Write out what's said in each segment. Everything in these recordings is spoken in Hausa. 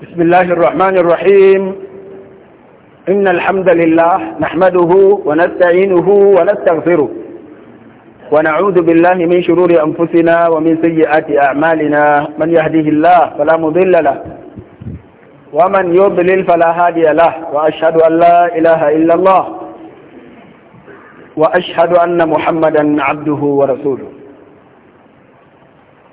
بسم الله الرحمن الرحيم إن الحمد لله نحمده ونستعينه ونستغفره ونعوذ بالله من شرور أنفسنا ومن سيئات أعمالنا من يهده الله فلا مضل له ومن يضلل فلا هادي له وأشهد أن لا إله إلا الله وأشهد أن محمدا عبده ورسوله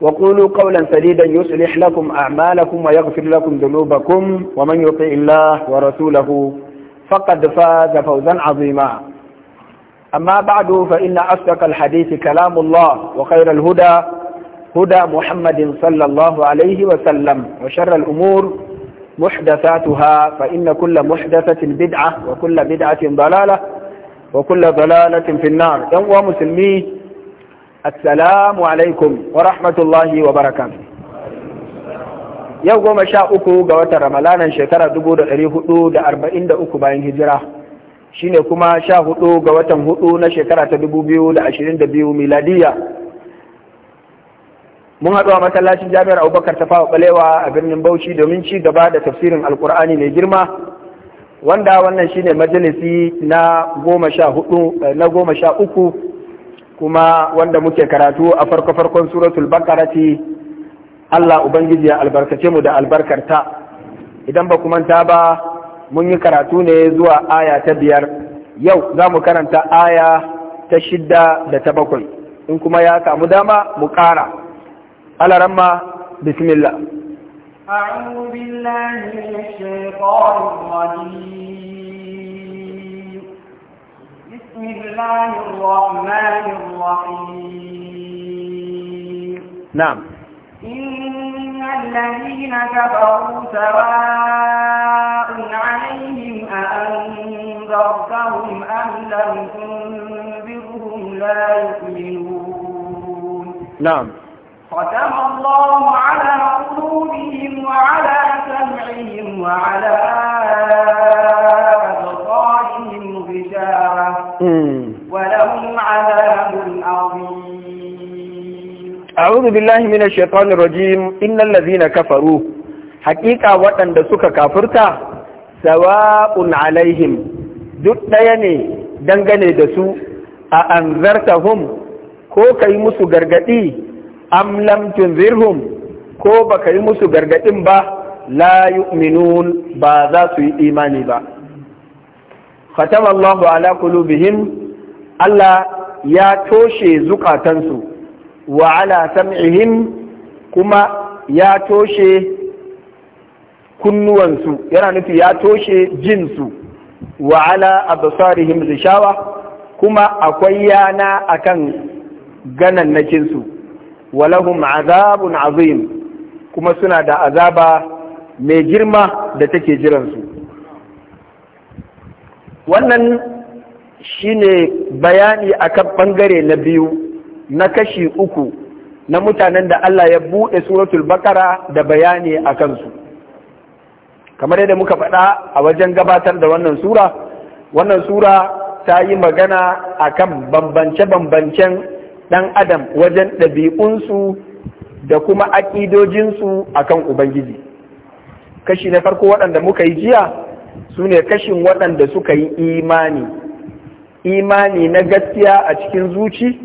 وقولوا قولا سديدا يصلح لكم أعمالكم ويغفر لكم ذنوبكم ومن يطع الله ورسوله فقد فاز فوزا عظيما أما بعد فإن أصدق الحديث كلام الله وخير الهدى هدى محمد صلى الله عليه وسلم وشر الأمور محدثاتها فإن كل محدثة بدعة وكل بدعة ضلالة وكل ضلالة في النار يوم مسلمين assalamu alaikum wa rahmatullahi wa baraka yau goma sha uku ga watan ramalanan shekara dubu da ɗari hudu da arba'in da uku bayan hijira shine kuma sha hudu ga watan hudu na shekara ta dubu biyu da ashirin da biyu miladiya mun haɗu a masallacin jami'ar abubakar ta fawa balewa a birnin bauchi domin ci gaba da tafsirin alkur'ani mai girma wanda wannan shine majalisi na goma sha eh, uku kuma wanda muke karatu a farko-farkon suratul bakarati Allah Ubangiji ya albarkace mu da albarkarta idan ba manta ba mun yi karatu ne zuwa aya ta biyar yau za mu karanta aya ta shidda da ta bakwai in kuma ya samu dama mu ƙara alaramma bismillah أعوذ بالله من الشيطان الرجيم بسم الله الرحمن الرحيم نعم إن الذين كفروا سواء عليهم أأنذرتهم أم لم تنذرهم لا يؤمنون نعم ختم الله على قلوبهم وعلى سمعهم وعلى Hmm. ولهم عذاب عظيم أعوذ بالله من الشيطان الرجيم إن الذين كفروا حقيقة وطن دسوك كافرتا سواء عليهم duk ɗaya ne dangane da su a an hum, ko ka musu gargaɗi am lam tunzirhum ko baka yi musu gargaɗin ba la yu'minun ba za su yi imani ba khatama Allahu ala qulubihim Allah ya toshe zukatansu wa ala sam'ihim kuma ya toshe kunnuwansu yana nufi ya toshe jinsu wa ala absarihim zishawa kuma akwai yana akan ganannakinsu walahum azabun azim kuma suna da azaba mai girma da take jiransu wannan shine bayani akan ɓangare na biyu na kashi uku na mutanen da Allah ya buɗe suratul bakara da bayani a kansu kamar yadda muka faɗa a wajen gabatar da wannan sura wannan sura ta yi magana akan bambance-bambancen ɗan adam wajen ɗabi'unsu da kuma aƙidojinsu akan ubangiji kashi na farko waɗanda muka yi jiya su ne kashin waɗanda suka yi imani imani na gaskiya a cikin zuci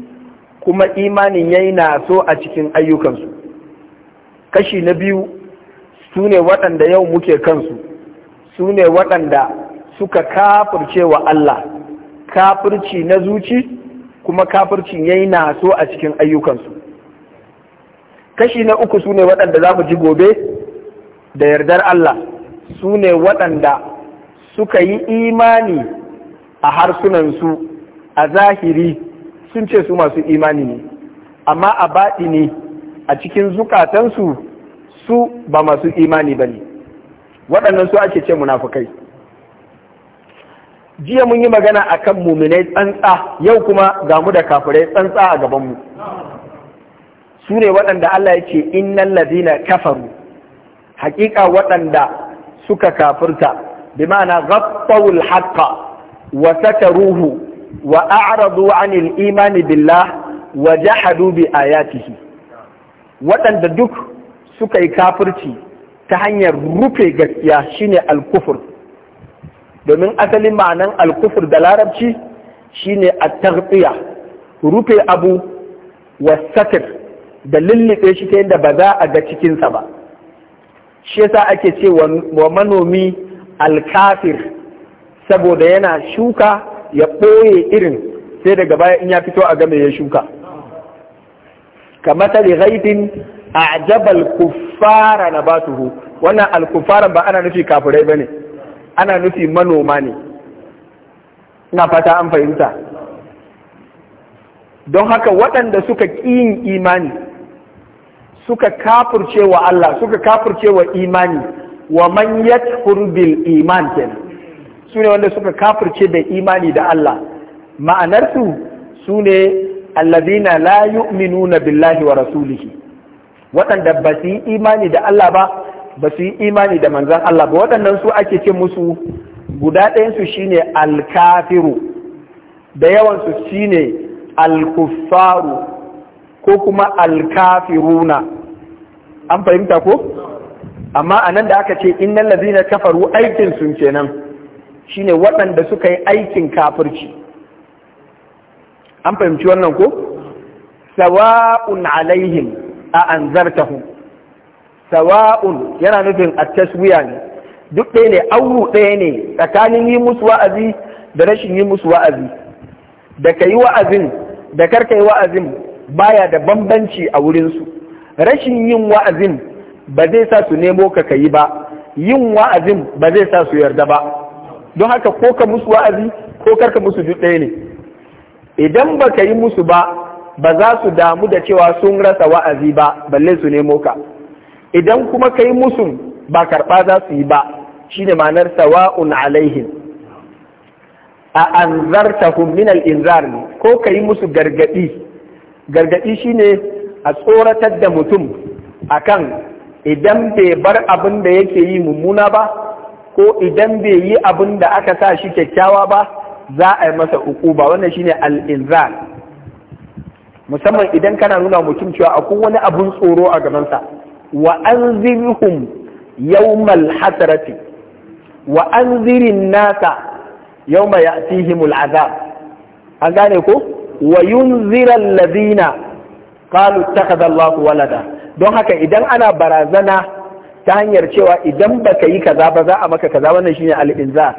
kuma imanin ya yi naso a cikin ayyukansu kashi na biyu su ne waɗanda yau muke kansu su ne waɗanda suka kafirce wa Allah kafirci na zuci kuma kafircin ya yi naso a cikin ayyukansu kashi na uku su ne waɗanda za mu ji gobe da yardar Allah su ne waɗanda suka yi imani a harsunansu a zahiri sun ce su masu imani ne amma a baɗi ne, a cikin zukatansu su ba masu imani ba ne waɗannan su ake ce munafukai jiya mun yi magana a kan muminai tsantsa yau kuma ga mu da kafirai tsantsa a gabanmu su ne waɗanda Allah ya ce innan ladina kafaru hakika waɗanda suka kafurta. bima'ana ghattawul haqqa wa sataruhu wa a'radu 'anil imani billah wa jahadu bi ayatihi waɗanda duk suka yi kafirci ta hanyar rufe gaskiya shine al domin asalin ma'anan al da larabci shine at rufe abu wa da lullube shi ta yadda ba za a ga cikinsa ba shi yasa ake ce wa manomi alkafir saboda yana shuka ya ɓoye irin sai daga baya in ya fito a game ya shuka Ka da ghaibin a jabal kufara na ba su wannan alkufaran ba ana nufi kafirai ba ne ana nufi manoma ne na fata an fahimta don haka waɗanda suka yin imani suka kafurce wa Allah suka kafurce wa imani wa man yakfur bil iman kenan sune wanda suka kafirce da imani da Allah ma'anarsu su sune allazina la yu'minuna billahi wa rasulihi waɗanda ba su yi imani da Allah ba ba su yi imani da manzon Allah ba waɗannan su ake ce musu guda ɗayansu shine alkafiru da yawansu shine al kuffaru ko kuma alkafiruna an fahimta ko amma a nan da aka ce innal na kafaru aikin sun kenan shine waɗanda suka yi aikin kafirci an fahimci wannan ko sawa'un alaihim a anzartahum sawa'un yana nufin a taswiya ne duk ɗaya ne auru ɗaya ne tsakanin yi musu wa'azi da rashin yi musu wa'azi da ka yi wa'azin da karka yi wa'azin baya da bambanci a wurinsu rashin yin wa'azin ba zai sa su nemo ka kayi ba yin wa'azin ba zai sa su yarda ba don haka ko ka musu wa'azi ko karka musu duk ne idan ba ka yi musu ba ba za su damu da cewa sun rasa wa'azi ba balle su nemo ka idan kuma ka yi musu ba karɓa za su yi ba shine ma'anar sawa'un alaihin. a anzartahum min al-inzar ne ko ka yi musu gargaɗi gargaɗi shine a tsoratar da mutum akan idan bai bar abin da yake yi mummuna ba ko idan bai yi abin da aka sa shi kyakkyawa ba za a yi masa ba wannan shine al-inzal musamman idan kana nuna mutum cewa akwai wani abun tsoro a gabansa wa anzirhum yawmal hasrati wa anzirin nasa yawma ya'tihimul azab an gane ko wa yunzira allazina qalu ittakhadha Allahu walada don haka idan ana barazana ta hanyar cewa idan baka yi kaza ba za a maka kaza wannan shine al'inzar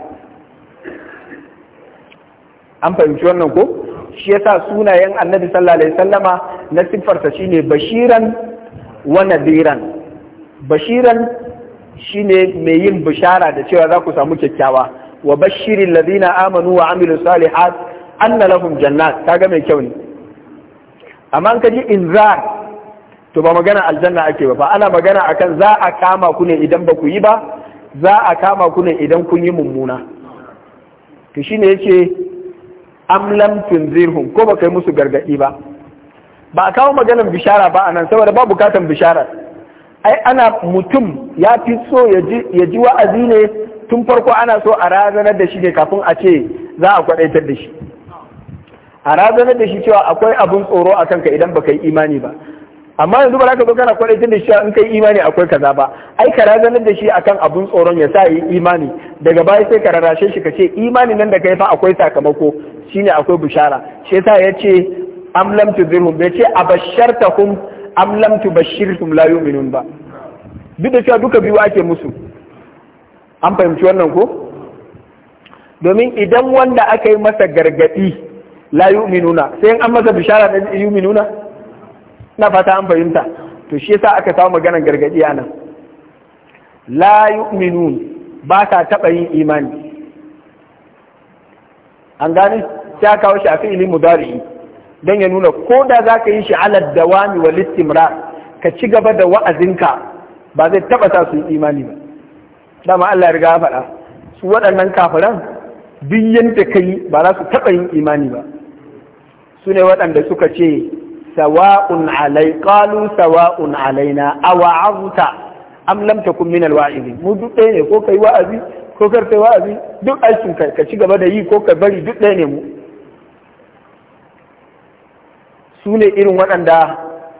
an fahimci wannan ko shi yasa sunayen annabi sallallahu alaihi sallama na siffarsa shine bashiran wa nadiran bashiran shine mai yin bishara da cewa za ku samu kyakkyawa wa bashirin ladina amanu wa amilu salihat anna lahum jannat kaga mai kyau ne amma ka ji inzar to ba magana aljanna ake ba fa ana magana akan za a kama ku ne idan ba ku yi ba za a kama ku ne idan kun yi mummuna to shine yace am lam tunzirhum ko ba kai musu gargadi ba ba a kawo maganar bishara ba anan saboda ba bukatan bishara ai ana mutum ya fi so ya ji wa'azi ne tun farko ana so a razanar da shi ne kafin a ce za a kwadaitar da shi a razanar da shi cewa akwai abun tsoro a kanka idan baka yi imani ba amma yanzu ba za ka zo kana tun da shi in kai imani akwai kaza ba ai ka razanar da shi akan abun tsoron ya sa yi imani daga baya sai ka rarrashe shi ka ce imani nan da kai fa akwai sakamako shine akwai bushara shi yasa ce am lam tudhirhum bai ce abashartahum am lam tubashshirhum la yu'minun ba duk da cewa duka biyu ake musu an fahimci wannan ko domin idan wanda aka yi masa gargadi la yu'minuna sai an masa bishara da yu'minuna na fata an fahimta to shi yasa aka samu maganar gargadi a nan la yu'minun ba ta taɓa yin imani an gane sai kawo shi a fi'ilin mudari'i dan ya nuna ko da za ka yi shi alal dawami wal listimra ka ci gaba da wa'azinka ba zai taba sa su yi imani ba dama Allah ya riga faɗa su waɗannan kafiran duk yanda ka yi ba za su taɓa yin imani ba su ne waɗanda suka ce sawa'un alai qalu sawa'un alaina awa'azta am lam takun min alwa'izin mu duk ɗaya ne ko kai wa'azi ko kar kai wa'azi duk aikin ka ka ci gaba da yi ko ka bari duk ɗaya ne mu su ne irin waɗanda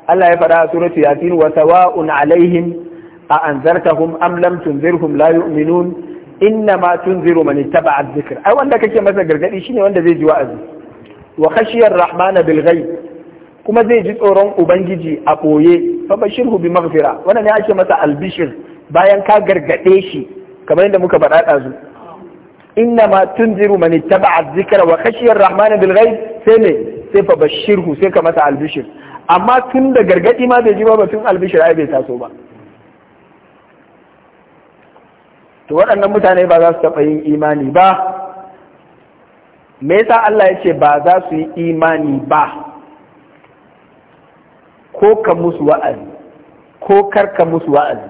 Allah ya faɗa a suratu yasin wa sawa'un alaihim a anzartahum am lam tunzirhum la yu'minun innama tunziru man ittaba'a adh-dhikr ai wanda kake masa gargadi shine wanda zai ji wa'azi wa khashiyar rahmana bil ghaib kuma zai ji tsoron ubangiji a ɓoye fa shirhu bi maghfira wannan ya ake masa albishir bayan ka gargaɗe shi kamar yadda muka faɗa ɗazu inna ma mani ta ittaba'a dhikra wa kashiyar rahmana bilgai sai ne sai fa shirhu sai ka masa albishir amma tun da gargaɗi ma bai ji ba tun albishir ai bai taso ba to waɗannan mutane ba za su taɓa yin imani ba me yasa Allah ya ce ba za su yi imani ba ko ka musu wa'azi ko karka musu wa'azi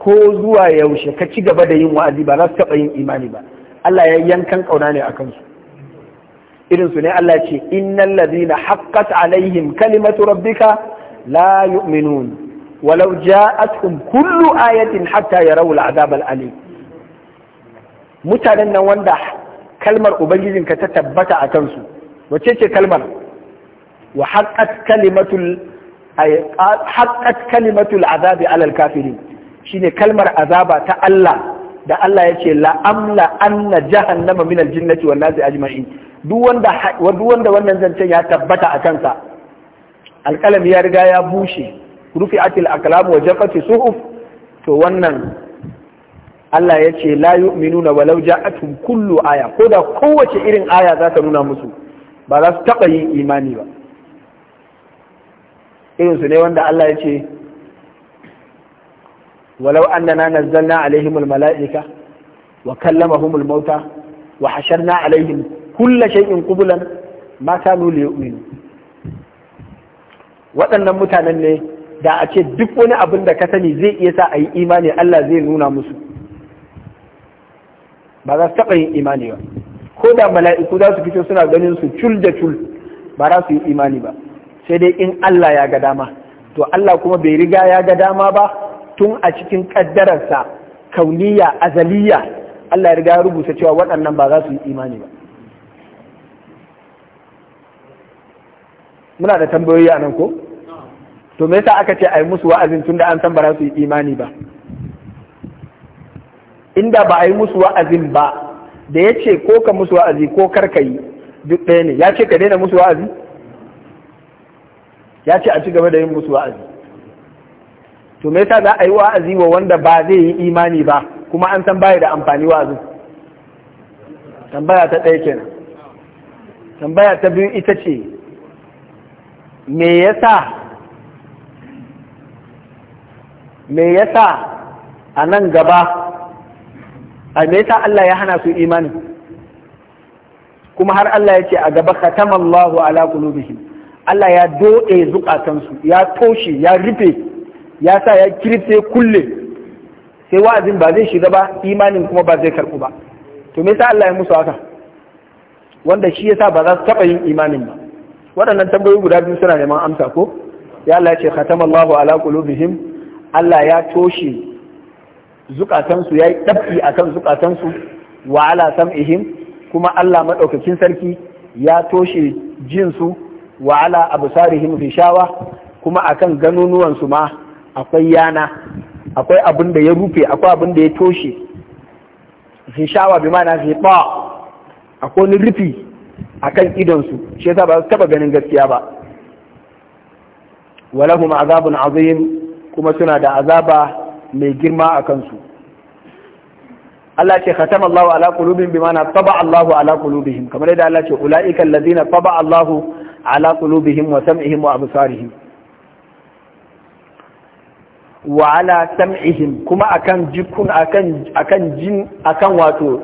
ko zuwa yaushe ka ci gaba da yin wa'azi ba za su taɓa yin imani ba Allah ya yankan kauna ne a kansu irin su ne Allah ce innal ladina haqqat alaihim kalimatu rabbika la yu'minun walau ja'atkum kullu ayatin hatta yarawu al'adab al'alim mutanen nan wanda kalmar ubangijinka ta tabbata a kansu wacce ce kalmar wa haqqat kalimatul ay kalimatul azabi alal kafiri shine kalmar azaba ta Allah da Allah yace la amla anna jahannama minal jinnati wan nasi ajma'in duk wanda duk wanda wannan zancen ya tabbata a kansa alƙalami ya riga ya bushe rufi'atil aqlam wa jafati suhuf to wannan Allah ya ce la yu'minuna walau ja'atuhum kullu aya ko da kowace irin aya za ta nuna musu ba za su taɓa yin imani ba irinsu ne wanda Allah ya ce walau na nazzalna alaihim mala’ika wa humul mauta, wa hasharna alaihim kulla shay'in qublan ma kanu liyu'minu waɗannan mutanen ne da a ce duk wani abin da ka sani zai iya sa a yi imani Allah zai nuna musu ba za su taɓa yin imani ba ko da mala'iku za su fito suna ganin su cul da cul ba za su yi imani ba sai dai in Allah ya ga dama to Allah kuma bai riga ya ga dama ba tun a cikin kaddararsa kauniya azaliya Allah ya riga ya rubuta cewa waɗannan ba za su yi imani ba muna da tambayoyi a nan ko to me yasa aka ce a yi musu wa'azin tun da an san ba za su yi imani ba inda ba a yi musu wa'azin ba da ya ce ko ka musu wa'azi ko kar ka yi duk ɗaya ne ya ce ka daina musu wa'azi ya ce a ci gaba da yin musu wa'azi to me yasa za a yi wa'azi wa wanda ba zai yi imani ba kuma an san baya da amfani waazi tambaya ta ɗaya kenan tambaya ta biyu ita ce me yasa me yasa a nan gaba a me yasa Allah ya hana su imani kuma har Allah ya ce a gaba khatamallahu ala qulubihim Allah ya doɗe zukatansu ya toshe ya rufe ya sa ya kirfe kulle sai wa'azin ba zai shiga ba imanin kuma ba zai karɓu ba to me yasa Allah ya musu haka wanda shi yasa ba za su taɓa yin imanin ba waɗannan tambayoyi guda biyu suna neman amsa ko ya Allah ya ce khatamallahu ala qulubihim Allah ya toshe zukatansu ya yi ɗab'i kan zukatansu wa ala sam'ihim kuma Allah maɗaukakin sarki ya toshe jinsu wa ala absarihim rishawa kuma akan ganunuwansu ma akwai yana akwai abin da ya rufe akwai abin da ya toshe rishawa bi ma'ana riba akwai wani rufi akan idonsu shi yasa ba su taba ganin gaskiya ba walahum azabun azim kuma suna da azaba mai girma a kansu Allah ce khatama Allahu ala qulubihim bima na taba Allahu ala qulubihim kamar yadda Allah ce ulaika allazina taba Allahu ala qulubihim wa sam'ihim wa absarihim wa ala sam'ihim kuma akan jikun akan jin akan wato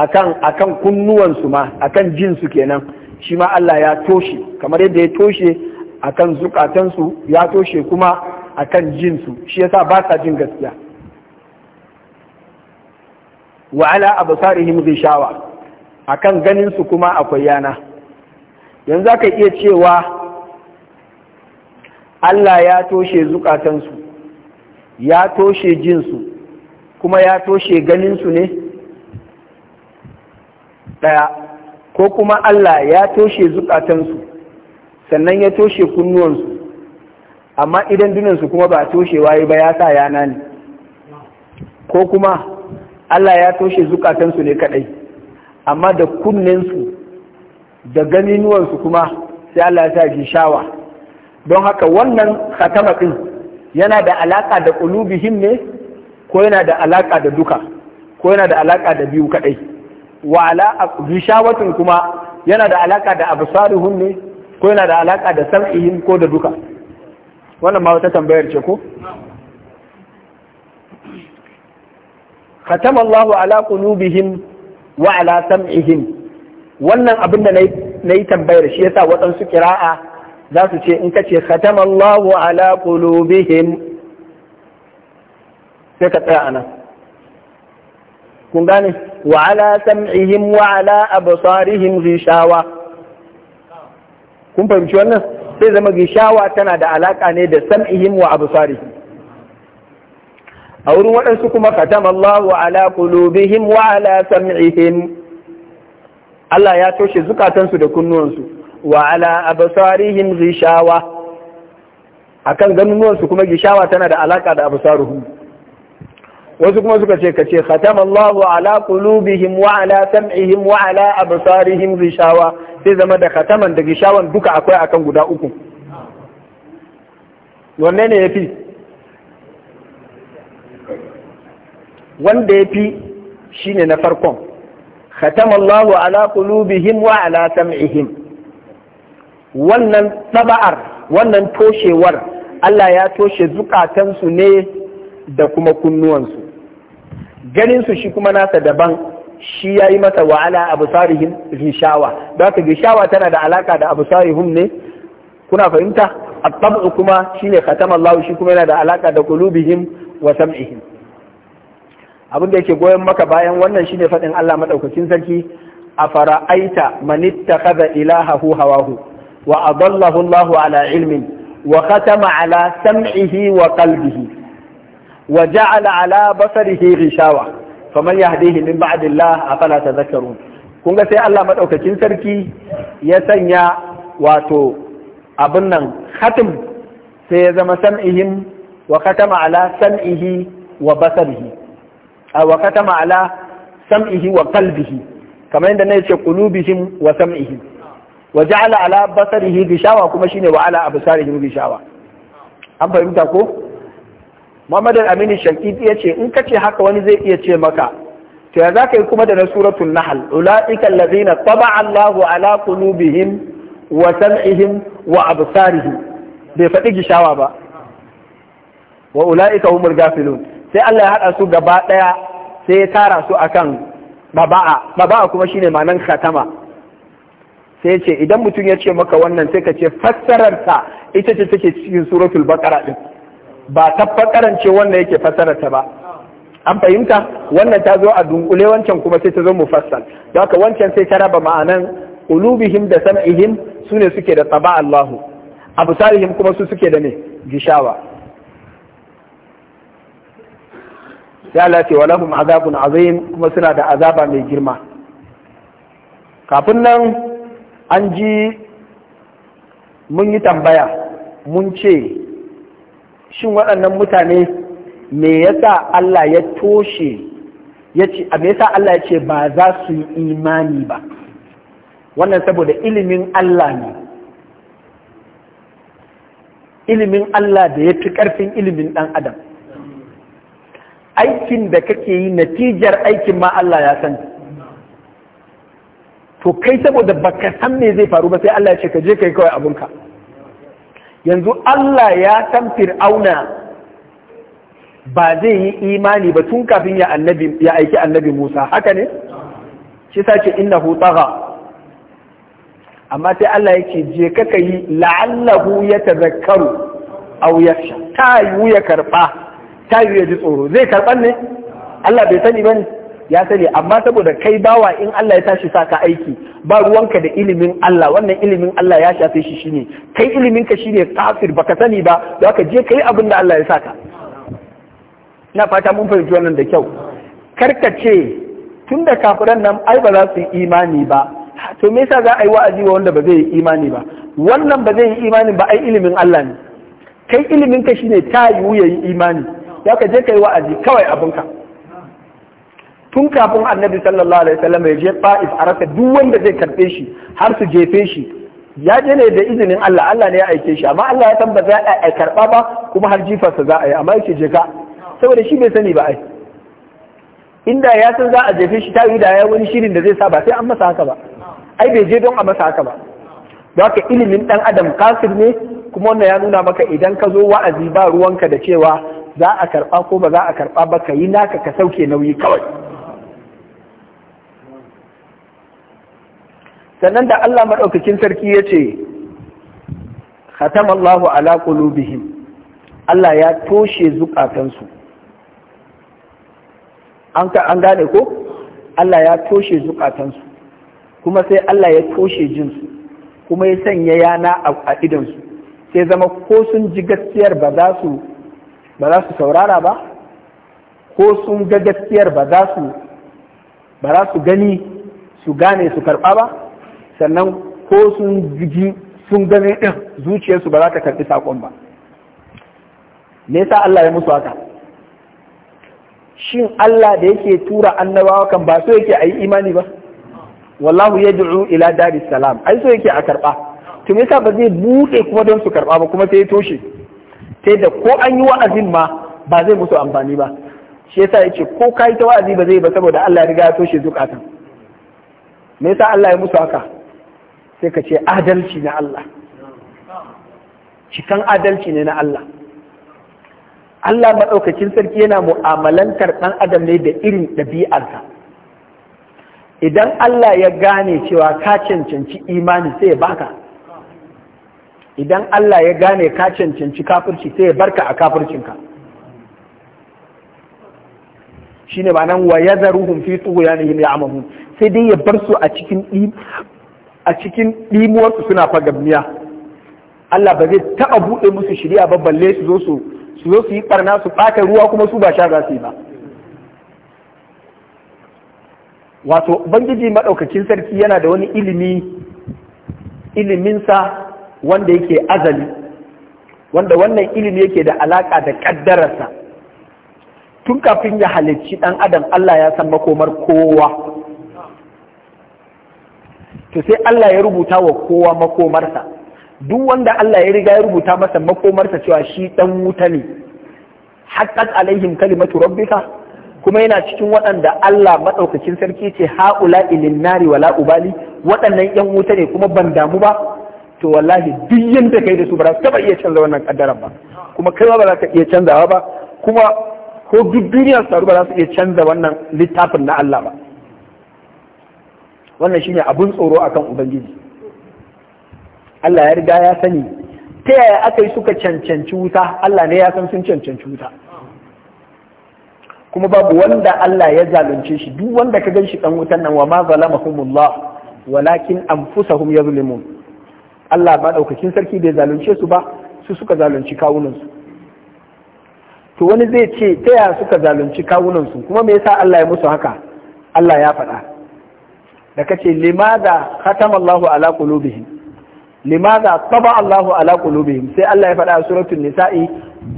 akan kunnuwan su ma akan jin su kenan shi ma Allah ya toshe kamar yadda ya toshe akan zukatan su ya toshe kuma akan jin su shi yasa ba sa jin gaskiya wa ala absarihim ghishawa akan ganin su kuma akwai yana yanzu aka iya cewa Allah ya toshe zukatansu ya toshe jinsu kuma ya toshe ganinsu ne ɗaya ko kuma Allah ya toshe zukatansu sannan ya toshe kunnuwansu amma idan dunansu kuma ba toshe waye ba ya sa yana ne ko kuma Allah ya toshe zukatansu ne kaɗai, amma da kunnensu da ganinuwansu kuma sai Allah ya sa shawa don haka wannan khatama din yana da alaka da qulubihim ne ko yana da alaka da duka ko yana da alaka da biyu kadai wa ala shawatin kuma yana da alaka da absaruhum ne ko yana da alaka da sam'ihim ko da duka wannan ma wata tambayar ce ko khatama Allahu ala qulubihim wa ala sam'ihim wannan abin da na yi tambayar shi yasa waɗansu kira'a za su ce in ka ce khatamallahu ala qulubihim sai ka tsaya ana kun gane wa ala sam'ihim wa ala absarihim ghishawa kun fahimci wannan sai zama gishawa tana da alaka ne da sam'ihim wa absarihim a wurin waɗansu kuma khatamallahu ala qulubihim wa ala sam'ihim Allah ya toshe zukatansu da kunnuwansu wa ala absarihim A akan ganinuwansu kuma gishawa tana da alaka da absaruhum wasu kuma suka ce kace khatama Allahu ala qulubihim wa ala sam'ihim wa ala absarihim gishawa sai zama da khataman da gishawan duka akwai akan guda uku wanne ne yafi wanda yafi shine na farkon ختم الله على قلوبهم wa سمعهم wannan taba'ar wannan toshewar Allah ya toshe zukatansu ne da kuma kunnuwansu ganinsu shi kuma nasa daban shi ya yi masa wa'ala abu sarihin rishawa da haka rishawa tana da alaka da abu sarihim ne kuna fahimta a kuma shine khatama Allah shi kuma yana da alaka da qulubihim wa sam'ihim abin da yake goyon maka bayan wannan shine faɗin Allah madaukakin sarki a fara'aita manitta kaza ilahahu hawahu wa adallahu Allahu ala ilmin wa khatama ala sam'ihi wa qalbihi wa ja'ala ala basarihi ghishawa faman yahdihi min ba'dillah afala tadhakkarun kun ga sai Allah madaukakin sarki ya sanya wato abin nan khatim sai ya zama sam'ihim wa khatama ala sam'ihi wa basarihi wa katama ala sam'ihi wa qalbihi kamar yadda nace qulubihim wa sam'ihi wa ja'ala ala basarihi gishawa kuma shine wa ala absarihim gishawa an fahimta ko Muhammad al-Amin Shankiti yace in kace haka wani zai iya ce maka to ya zaka yi kuma da na suratul nahl ulaika allazina taba'a Allahu ala qulubihim wa sam'ihim wa absarihim bai faɗi gishawa ba wa ula'ika humul gafilun sai Allah ya haɗa su gaba ɗaya sai ya tara su akan baba'a baba'a kuma shine ma'anan khatama sai ce idan mutum ya ce maka wannan sai ka ce fassararsa ita ce take cikin suratul bakara din ba ta baqaran ce yake fassararta ba an fahimta wannan ta zo a dunkule wancan kuma sai ta zo mu don haka wancan sai ta raba ma'anan ulubihim da sam'ihim su ne suke da tsaba Allahu abusarihim kuma su suke da ne gishawa sai Allah ce walahum azabun azim kuma suna da azaba mai girma kafin nan an ji mun yi tambaya mun ce shin waɗannan mutane me yasa Allah ya toshe ya ce me yasa Allah ya ce ba za su yi imani ba wannan saboda ilimin Allah ne ilimin Allah da ya fi ƙarfin ilimin ɗan adam aikin da kake yi natijar aikin ma Allah ya san to kai saboda baka san me zai faru ba sai Allah ya ce ka je kai kawai abunka yanzu Allah ya san fir'auna ba zai yi imani ba tun kafin ya annabi ya aiki annabi Musa haka ne shi sa ce innahu tagha amma sai Allah ce je ka kai la'allahu yatazakkaru aw yakhsha ta yu ya karba ta yi ji tsoro zai karɓar ne Allah bai sani ba ne ya sani amma saboda kai bawa in Allah ya tashi sa ka aiki ba ruwanka da ilimin Allah wannan ilimin Allah ya shafe shi shine kai ilimin ka shine kafir baka sani ba da ka je kai abin da Allah ya sa ka, ina fata mun fahimci wannan da kyau karkace da kafiran nan ai ba za su yi imani ba to me yasa za a yi wa'azi wa wanda ba zai yi imani ba wannan ba zai yi imani ba ai ilimin Allah ne kai ilimin ka shine ta yiwu yayi imani za ka je ka yi wa'azi kawai abinka tun kafin annabi sallallahu alaihi wasallam ya je fa'is a rasa duk wanda zai karbe shi har su jefe shi ya je ne da izinin Allah Allah ne ya aike shi amma Allah ya san ba za a karɓa ba kuma har jifarsa za a yi amma yake je ka saboda shi bai sani ba ai inda ya san za a jefe shi ta yi da ya wani shirin da zai sa ba sai an masa haka ba ai bai je don a masa haka ba don haka ilimin dan adam kasir ne kuma wannan ya nuna maka idan ka zo wa'azi ba ruwanka da cewa za a karɓa ko ba za a karɓa ba ka yi naka ka sauke nauyi kawai sannan da Allah maɗaukakin sarki ya ce khatamallahu ala qulubihim Allah ya toshe zukatansu an gane ko Allah ya toshe zukatansu kuma sai Allah ya toshe jinsu kuma ya sanya yana a idansu sai zama ko sun ji gaskiyar ba za su ba za su saurara ba ko sun ga gaskiyar ba za su gani su gane su karɓa ba sannan ko sun ji sun gane ɗin zuciyarsu ba za ta karɓi saƙon ba me yasa Allah ya musu haka shin Allah da yake tura annabawa kan ba so yake a yi imani ba wallahu yad'u ila daris salam ai so yake a karɓa to yasa ba zai buɗe kuma don su karɓa ba kuma sai ya toshe sai da ko an yi wa'azin ma ba zai musu amfani ba shi yasa yace ko ka yi ta wa'azi ba zai ba saboda Allah ya riga ya toshe zukatan me yasa Allah ya musu haka sai ka ce adalci na Allah cikan adalci ne na Allah Allah maɗaukakin sarki yana mu'amalantar ɗan adam ne da irin ɗabi'arsa idan Allah ya gane cewa ka cancanci imani sai ya baka idan Allah ya gane ka cancanci kafirci sai ya barka a kafircinka shi ne ba nan wa ya zaruhun fi tsohu ya nihin ya amahu sai dai ya bar su a cikin ɗimuwarsu suna fagabniya Allah ba zai taɓa buɗe musu shirya ba balle su zo su su su yi ɓarna su ɓata ruwa kuma su ba sha za su yi ba wato bangiji maɗaukakin sarki yana da wani ilimi iliminsa wanda yake azali wanda wannan ilimi yake da alaka da kaddararsa tun kafin ya halicci dan adam Allah ya san makomar kowa to sai Allah ya rubuta wa kowa makomarsa duk wanda Allah ya riga ya rubuta masa makomarsa cewa shi dan wuta ne haqqat alaihim kalimatu rabbika kuma yana cikin waɗanda Allah maɗaukacin sarki ce ha'ula ilin nari wala ubali waɗannan ‘yan wuta ne kuma ban damu ba to wallahi duk yanda kai da su ba za su taba iya canza wannan kaddara ba kuma kai ba za ka iya canzawa ba kuma ko duk duniya su taru ba za su iya canza wannan littafin na Allah ba wannan shine abun tsoro akan ubangiji Allah ya riga ya sani ta yaya aka yi suka cancanci wuta Allah ne ya san sun cancanci wuta kuma babu wanda Allah ya zalunce shi duk wanda ka gan shi dan wutan nan wa ma zalamahumullah walakin anfusahum yazlimun Allah ba maɗaukakin sarki bai zalunce su ba su suka zalunci kawunansu to wani zai ce ta yaya suka zalunci kawunansu kuma me yasa Allah ya musu haka Allah ya faɗa da kace limaza khatama Allahu ala qulubihim limaza taba Allahu ala qulubihim sai Allah ya faɗa a suratul nisa'i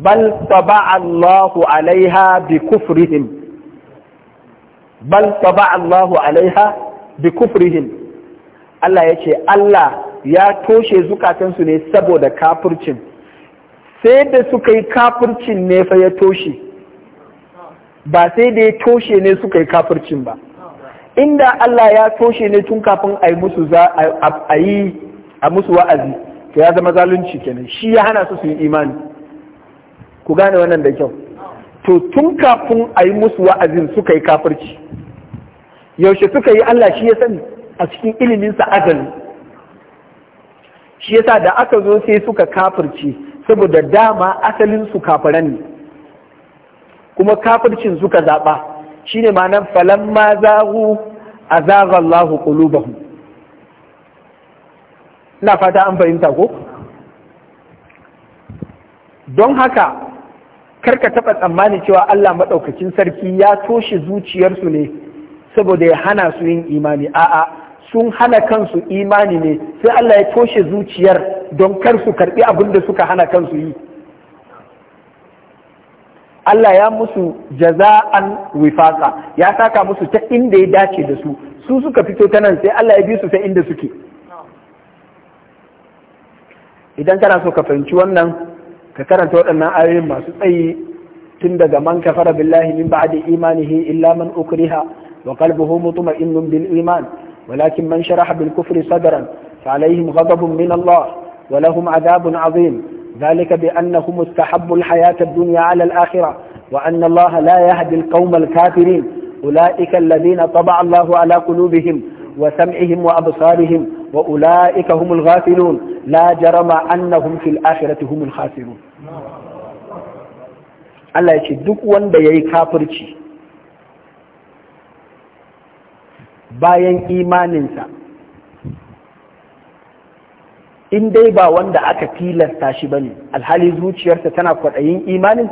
bal taba Allahu alaiha bi kufrihim bal taba Allahu alaiha bi kufrihim Allah ya ce Allah ya toshe zukatansu ne saboda kafircin sai da suka yi kafircin ne fa ya toshe ba sai da ya toshe ne suka yi kafircin ba inda Allah ya toshe ne tun kafin a yi musu za a yi a musu wa'azi to ya zama zalunci kenan shi ya hana su su yi imani ku gane wannan da kyau to tun kafin a yi musu wa'azin suka yi kafirci yaushe suka yi Allah shi ya sani a cikin iliminsa azali shi yasa da aka zo sai suka kafirce saboda dama asalin su kafiran ne kuma kafircin suka zaɓa shine ma'anar falamma zahu a Allahu qulubahum ina fata an fahimta ko don haka karka taɓa tsammani cewa Allah maɗaukacin sarki ya toshe zuciyarsu ne saboda ya hana su yin imani a'a sun hana kansu imani ne sai Allah ya toshe zuciyar don kar su karbi abin da suka hana kansu yi Allah ya musu jaza'an wifaka ya saka musu ta inda ya dace da su su suka fito ta nan sai Allah ya bi su ta inda suke idan kana so ka fahimci wannan ka karanta waɗannan ayoyin masu tsayi tun daga man kafara billahi min ba'di imanihi illa man ukriha wa qalbuhu mutma'innun bil iman ولكن من شرح بالكفر صدرا فعليهم غضب من الله ولهم عذاب عظيم ذلك بأنهم استحبوا الحياة الدنيا على الآخرة وأن الله لا يهدي القوم الكافرين أولئك الذين طبع الله على قلوبهم وسمعهم وأبصارهم وأولئك هم الغافلون لا جرم أنهم في الآخرة هم الخاسرون Allah ya ce duk wanda ya yi kafirci bayan imaninsa in dai ba wanda aka tilasta shi ba ne alhali zuciyarsa tana kwaɗayin imanin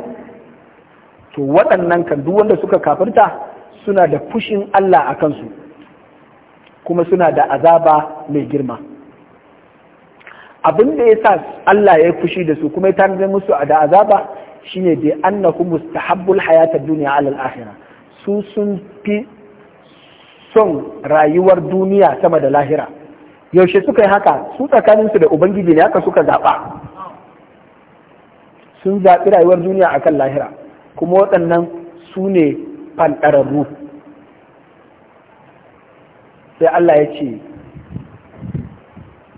to waɗannan kan duk wanda suka kafirta suna da fushin Allah a kansu kuma suna da azaba mai girma abin da ya sa Allah ya yi fushi da su kuma ya tanadar musu da azaba shine bi annahu mustahabbul hayatad duniya, alal akhirah su sun fi son rayuwar duniya sama da lahira yaushe suka yi haka su tsakaninsu da ubangiji ne haka suka zaɓa sun zaɓi rayuwar duniya akan lahira kuma waɗannan su ne fanɗararru sai Allah ya ce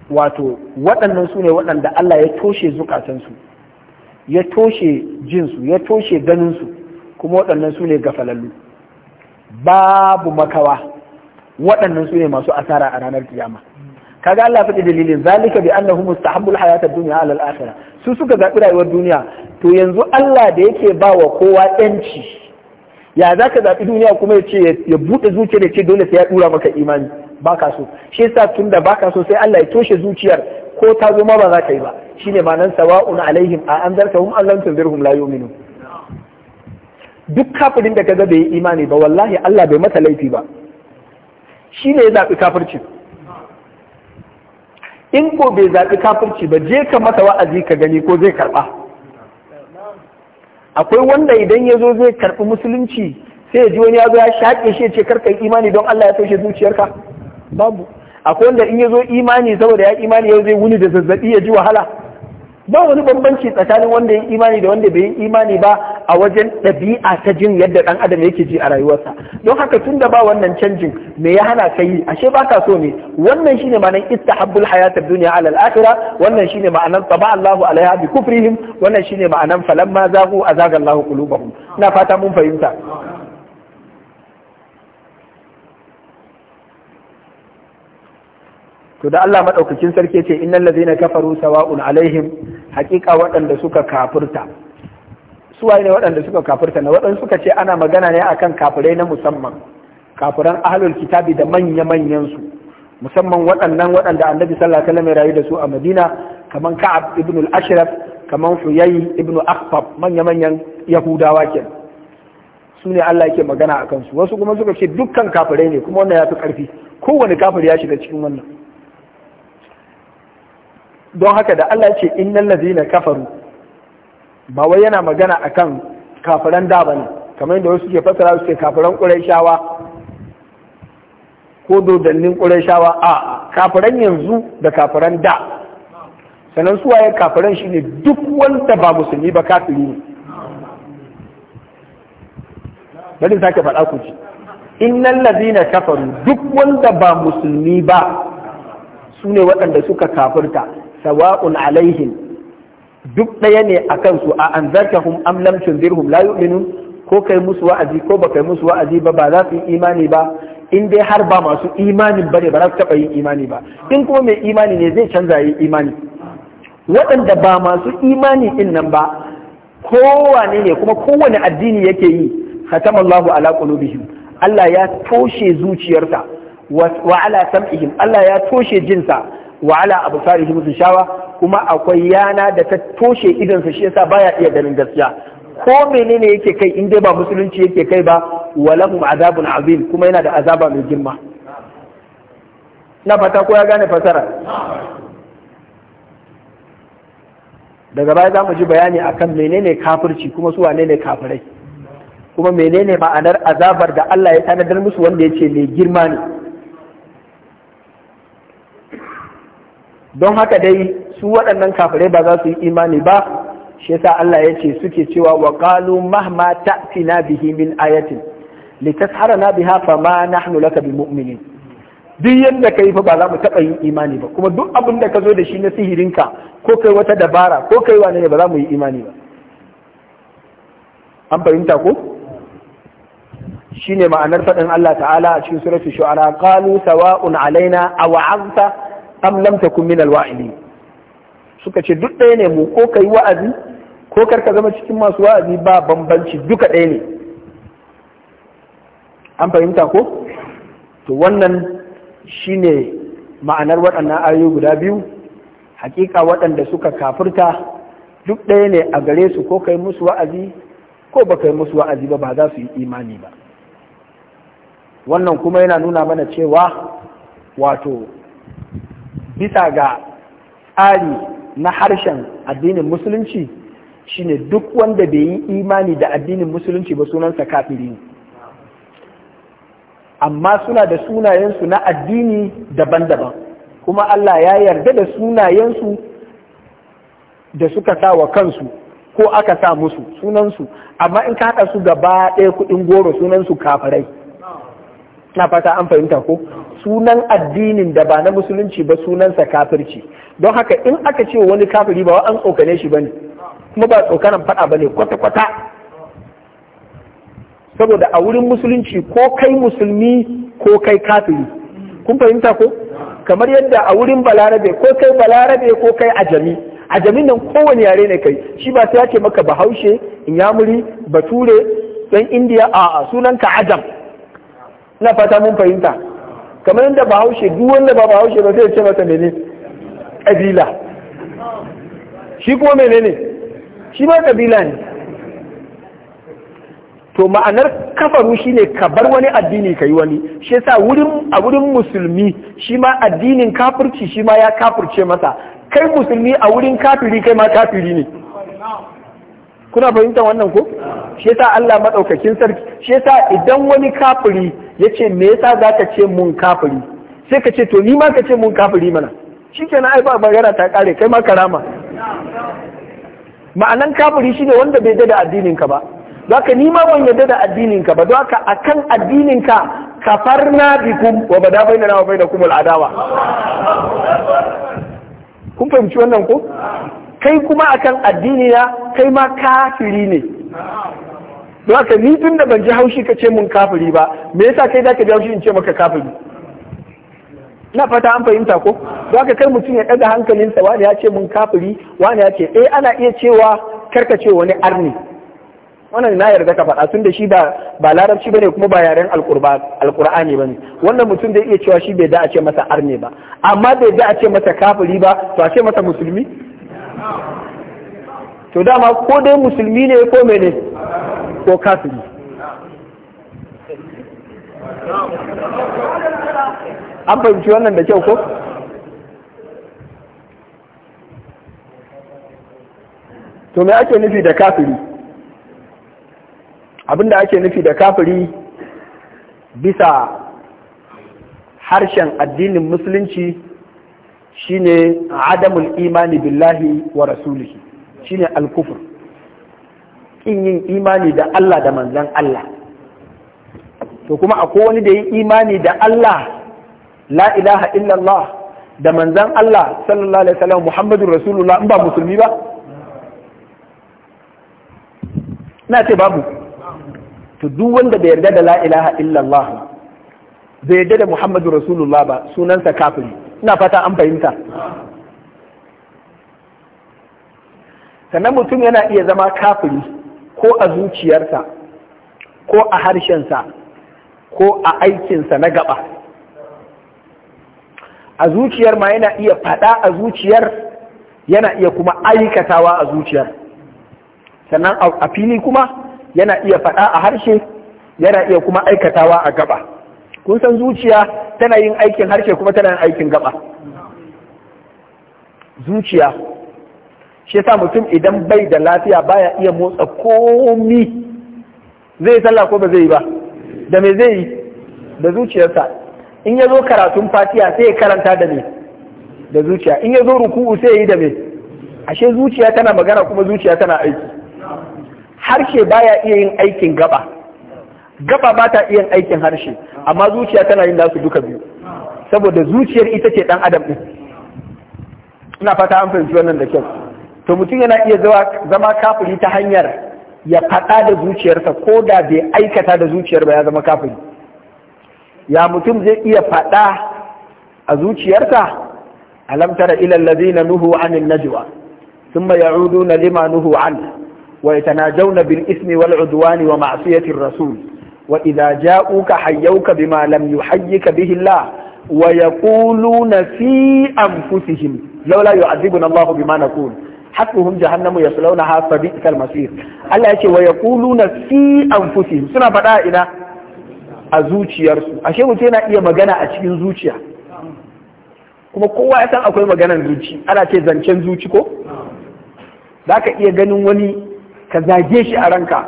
wato waɗannan su ne waɗanda Allah ya toshe zukatansu ya toshe jinsu ya toshe ganinsu kuma waɗannan su ne gafalallu babu makawa waɗannan su ne masu asara a ranar kiyama kaga Allah faɗi dalilin zalika bi annahum mustahabbul hayata dunya ala al-akhirah su suka zaɓi rayuwar duniya to yanzu Allah da yake ba wa kowa yanci ya za ka zaɓi duniya kuma ya ce ya buɗe zuciya da ce dole sai ya ɗura maka imani baka so shi yasa tun da baka so sai Allah ya toshe zuciyar ko ta zo ma ba za ka yi ba Shi ne ma nan sawa'un alaihim a anzartahum an lam tunzirhum la yu'minun duk kafirin da ka ga bai yi imani ba wallahi Allah bai mata laifi ba shi ne ya zaɓi kafirci in ko bai zaɓi kafirci ba je ka masa wa'azi ka gani ko zai karɓa akwai wanda idan ya zo zai karɓi musulunci sai ya ji wani ya zo ya shaƙe shi ce karka yi imani don Allah ya toshe zuciyarka babu akwai wanda in ya zo imani saboda ya imani yau zai wuni da zazzaɓi ya ji wahala ba wani bambanci tsakanin wanda ya imani da wanda bai yi imani ba a wajen ɗabi'a ta jin yadda ɗan adam yake ji a rayuwarsa don haka tun da ba wannan canjin me ya hana ka yi ashe ba ka so ne wannan shine ma'anar istahabbul hayatar duniya alal akhirah wannan shine ma'anar taba Allahu alaiha bi kufrihim wannan shine ma'anar falamma zagu azaga Allahu kulubahu. ina fata mun fahimta to da Allah madaukakin sarki ce innal ladzina kafaru sawa'un alaihim hakika waɗanda suka kafirta suwaye ne waɗanda suka kafirta na waɗanda suka ce ana magana ne akan kafirai na musamman kafiran ahlul kitabi da manya-manyan su musamman waɗannan waɗanda annabi sallallahu alaihi wasallam ya rayu da su a Madina kaman Ka'ab ibn al-Ashraf kaman Huyay ibn aqfab manya-manyan Yahudawa ke su ne Allah yake magana akan su wasu kuma suka ce dukkan kafirai ne kuma wannan ya fi ƙarfi kowane kafir ya shiga cikin wannan don haka da Allah ce innal ladina kafaru ba wai yana magana akan kafiran da bane kamar yadda wasu ke fasara su ke kafiran shawa, ko dodannin shawa. a kafiran yanzu da kafiran da sanan suwaye kafiran shine duk wanda ba musulmi ba kafiri ne bari sake faɗa ku ci innal ladina kafaru duk wanda ba musulmi ba su ne waɗanda suka kafirta sawa'un alaihim duk ɗaya ne a kansu a an zarkahum am lam tunzirhum la yu'minun ko kai musu wa'azi ko ba kai musu wa'azi ba ba za su yi imani ba in dai har ba masu imanin bane ba za su taɓa yin imani ba in kuma mai imani ne zai canza yin imani waɗanda ba masu imani din nan ba kowane ne kuma kowane addini yake yi khatamallahu ala qulubihim Allah ya toshe zuciyarsa wa ala sam'ihim Allah ya toshe jinsa Wa'ala wa shi musu shawa kuma akwai yana da ta toshe idansa shi yasa baya iya ganin gaskiya ko menene yake kai in dai ba musulunci yake kai ba walahum azabun azim kuma yana da azaba mai girma na fata ko ya gane fasara daga baya za mu ji bayani akan menene kafirci kuma su wane ne kafirai kuma menene ma'anar azabar da Allah ya tanadar musu wanda ya ce mai girma ne don haka dai su waɗannan kafirai ba za su yi imani ba shi yasa Allah ya ce suke cewa wa qalu mahma ta'tina bihi min ayatin litasharana biha fama nahnu laka bimu'minin duk yadda ka yi fa ba za mu taɓa yin imani ba kuma duk abin da ka zo da shi na sihirinka ko kai wata dabara ko kai wane ne ba za mu yi imani ba an fahimta ko shine ma'anar faɗin Allah ta'ala a cikin suratu shu'ara qalu sawa'un alaina a aw'azta am lam takun min suka ce duk ɗaya ne mu ko kai wa'azi ko kar zama cikin masu wa'azi ba bambanci duka ɗaya ne an fahimta ko to wannan shine ma'anar waɗannan ayoyi guda biyu hakika waɗanda suka kafurta duk ɗaya ne a gare su ko kai musu wa'azi ko ba kai musu wa'azi ba ba za su yi imani ba wannan kuma yana nuna mana cewa wato bisa ga tsari na harshen addinin musulunci shine duk wanda bai yi imani da addinin musulunci ba sunansa kafiri ne amma suna da sunayensu na addini daban-daban kuma Allah ya yarda da sunayensu da suka sa wa kansu ko aka sa musu sunansu amma in ka haɗa su gaba ɗaya kuɗin goro sunansu kafirai na fata an fahimta ko sunan addinin da ba na musulunci ba sunansa kafirci don haka in aka ce wani kafiri ba an tsokane shi ba ne. kuma ba tsokanan faɗa ne kwata-kwata saboda a wurin musulunci ko kai musulmi ko kai kafiri kun fahimta ko kamar yadda a wurin balarabe ko kai balarabe ko kai ajami ajamin nan kowane yare ne kai shi ba sai ya ce maka bahaushe inyamuri bature dan indiya a'a sunanka ajam na fata mun fahimta kamar yadda bahaushe duk wanda ba bahaushe ba zai ce mata mene kabila shi kuma menene shi ba kabila ne to ma'anar kafaru shine ka bar wani addini ka yi wani shi yasa wurin a wurin musulmi shi ma addinin kafirci shi ma ya kafirce masa kai musulmi a wurin kafiri kai ma kafiri ne kuna fahimtar wannan ko shi yasa Allah madaukakin sarki shi yasa idan wani kafiri yace me yasa zaka ce mun kafiri sai ka ce to ni ma ka ce mun kafiri mana shikenan ai ba magana ta kare kai ma karama ma'anan kafiri shine wanda bai da addinin ka ba zaka ni ma ban yarda da addinin ka ba don haka akan addinin ka kafarna bikum wa bada bainana wa bainakum adawa. kun fahimci wannan ko kai kuma akan addini na kai ma kafiri ne don haka ni tun da ban ji haushi ka ce mun kafiri ba me yasa kai za ka ji haushi in ce maka kafiri na fata an fahimta ko don haka kai mutum ya ɗaga hankalinsa wani ya ce mun kafiri wani ya ce eh ana iya cewa karka ce wani arni wannan na yarda ka faɗa tun da shi ba ba larabci kuma ba yaren alqur'ani bane wannan mutum zai iya cewa shi bai da a ce masa arne ba amma bai da a ce masa kafiri ba to a ce masa musulmi to dama ko dai musulmi ne ko mene ko kafiri an fahimci wannan da kyau ko to me ake nufi da kafiri abinda ake nufi da kafiri bisa harshen addinin musulunci shine adamul imani billahi wa rasulihi shine al-kufr kin yin imani da Allah da manzon Allah to kuma akwai wani da yi imani da Allah la ilaha illallah da manzon Allah sallallahu alaihi wasallam Muhammadur Rasulullah in ba musulmi ba na ce babu to duk wanda bai yarda da la ilaha illallah bai yarda da Muhammadur Rasulullah ba sunansa kafiri ina fata an fahimta sannan mutum yana iya zama kafiri ko a zuciyarsa ko a harshensa ko a aikinsa na gaba a zuciyar ma yana iya fada a zuciyar yana iya kuma aikatawa a zuciyar sannan a fili kuma yana iya fada a harshe yana iya kuma aikatawa a gaba kun san zuciya tana yin aikin harshe kuma tana yin aikin gaba zuciya shi yasa mutum idan bai da lafiya baya iya motsa komi zai sallah ko ba zai yi ba da me zai yi da zuciyarsa in ya zo karatun fatiya sai ya karanta da me da zuciya in ya zo ruku'u sai ya yi da me ashe zuciya tana magana kuma zuciya tana aiki harshe baya iya yin aikin gaba gaba ba ta iya aikin harshe amma zuciya tana yin nasu duka biyu saboda zuciyar ita ce dan adam din ina fata an fahimci wannan da kyau to mutum yana iya zama kafiri ta hanyar ya faɗa da zuciyarsa ko da bai aikata da zuciyar ba ya zama kafiri ya mutum zai iya faɗa a zuciyarsa alam tara ila na nuhu anin najwa thumma ya'uduna lima nuhu an wa yatanajawna bil ismi wal udwani wa ma'siyati rasul wa idza ja'uka hayyuka bima lam yuhayyika bihi Allah wa yaquluna fi anfusihim laula yu'adhibuna Allah bima naqul haquhum jahannamu yaslawnaha fa bi'sal masir Allah yake wa yaquluna fi anfusihim suna faɗa ina a zuciyarsu ashe mutum yana iya magana a cikin zuciya kuma kowa ya san akwai maganar zuci ana ce zancen zuci ko za ka iya ganin wani ka zage shi a ranka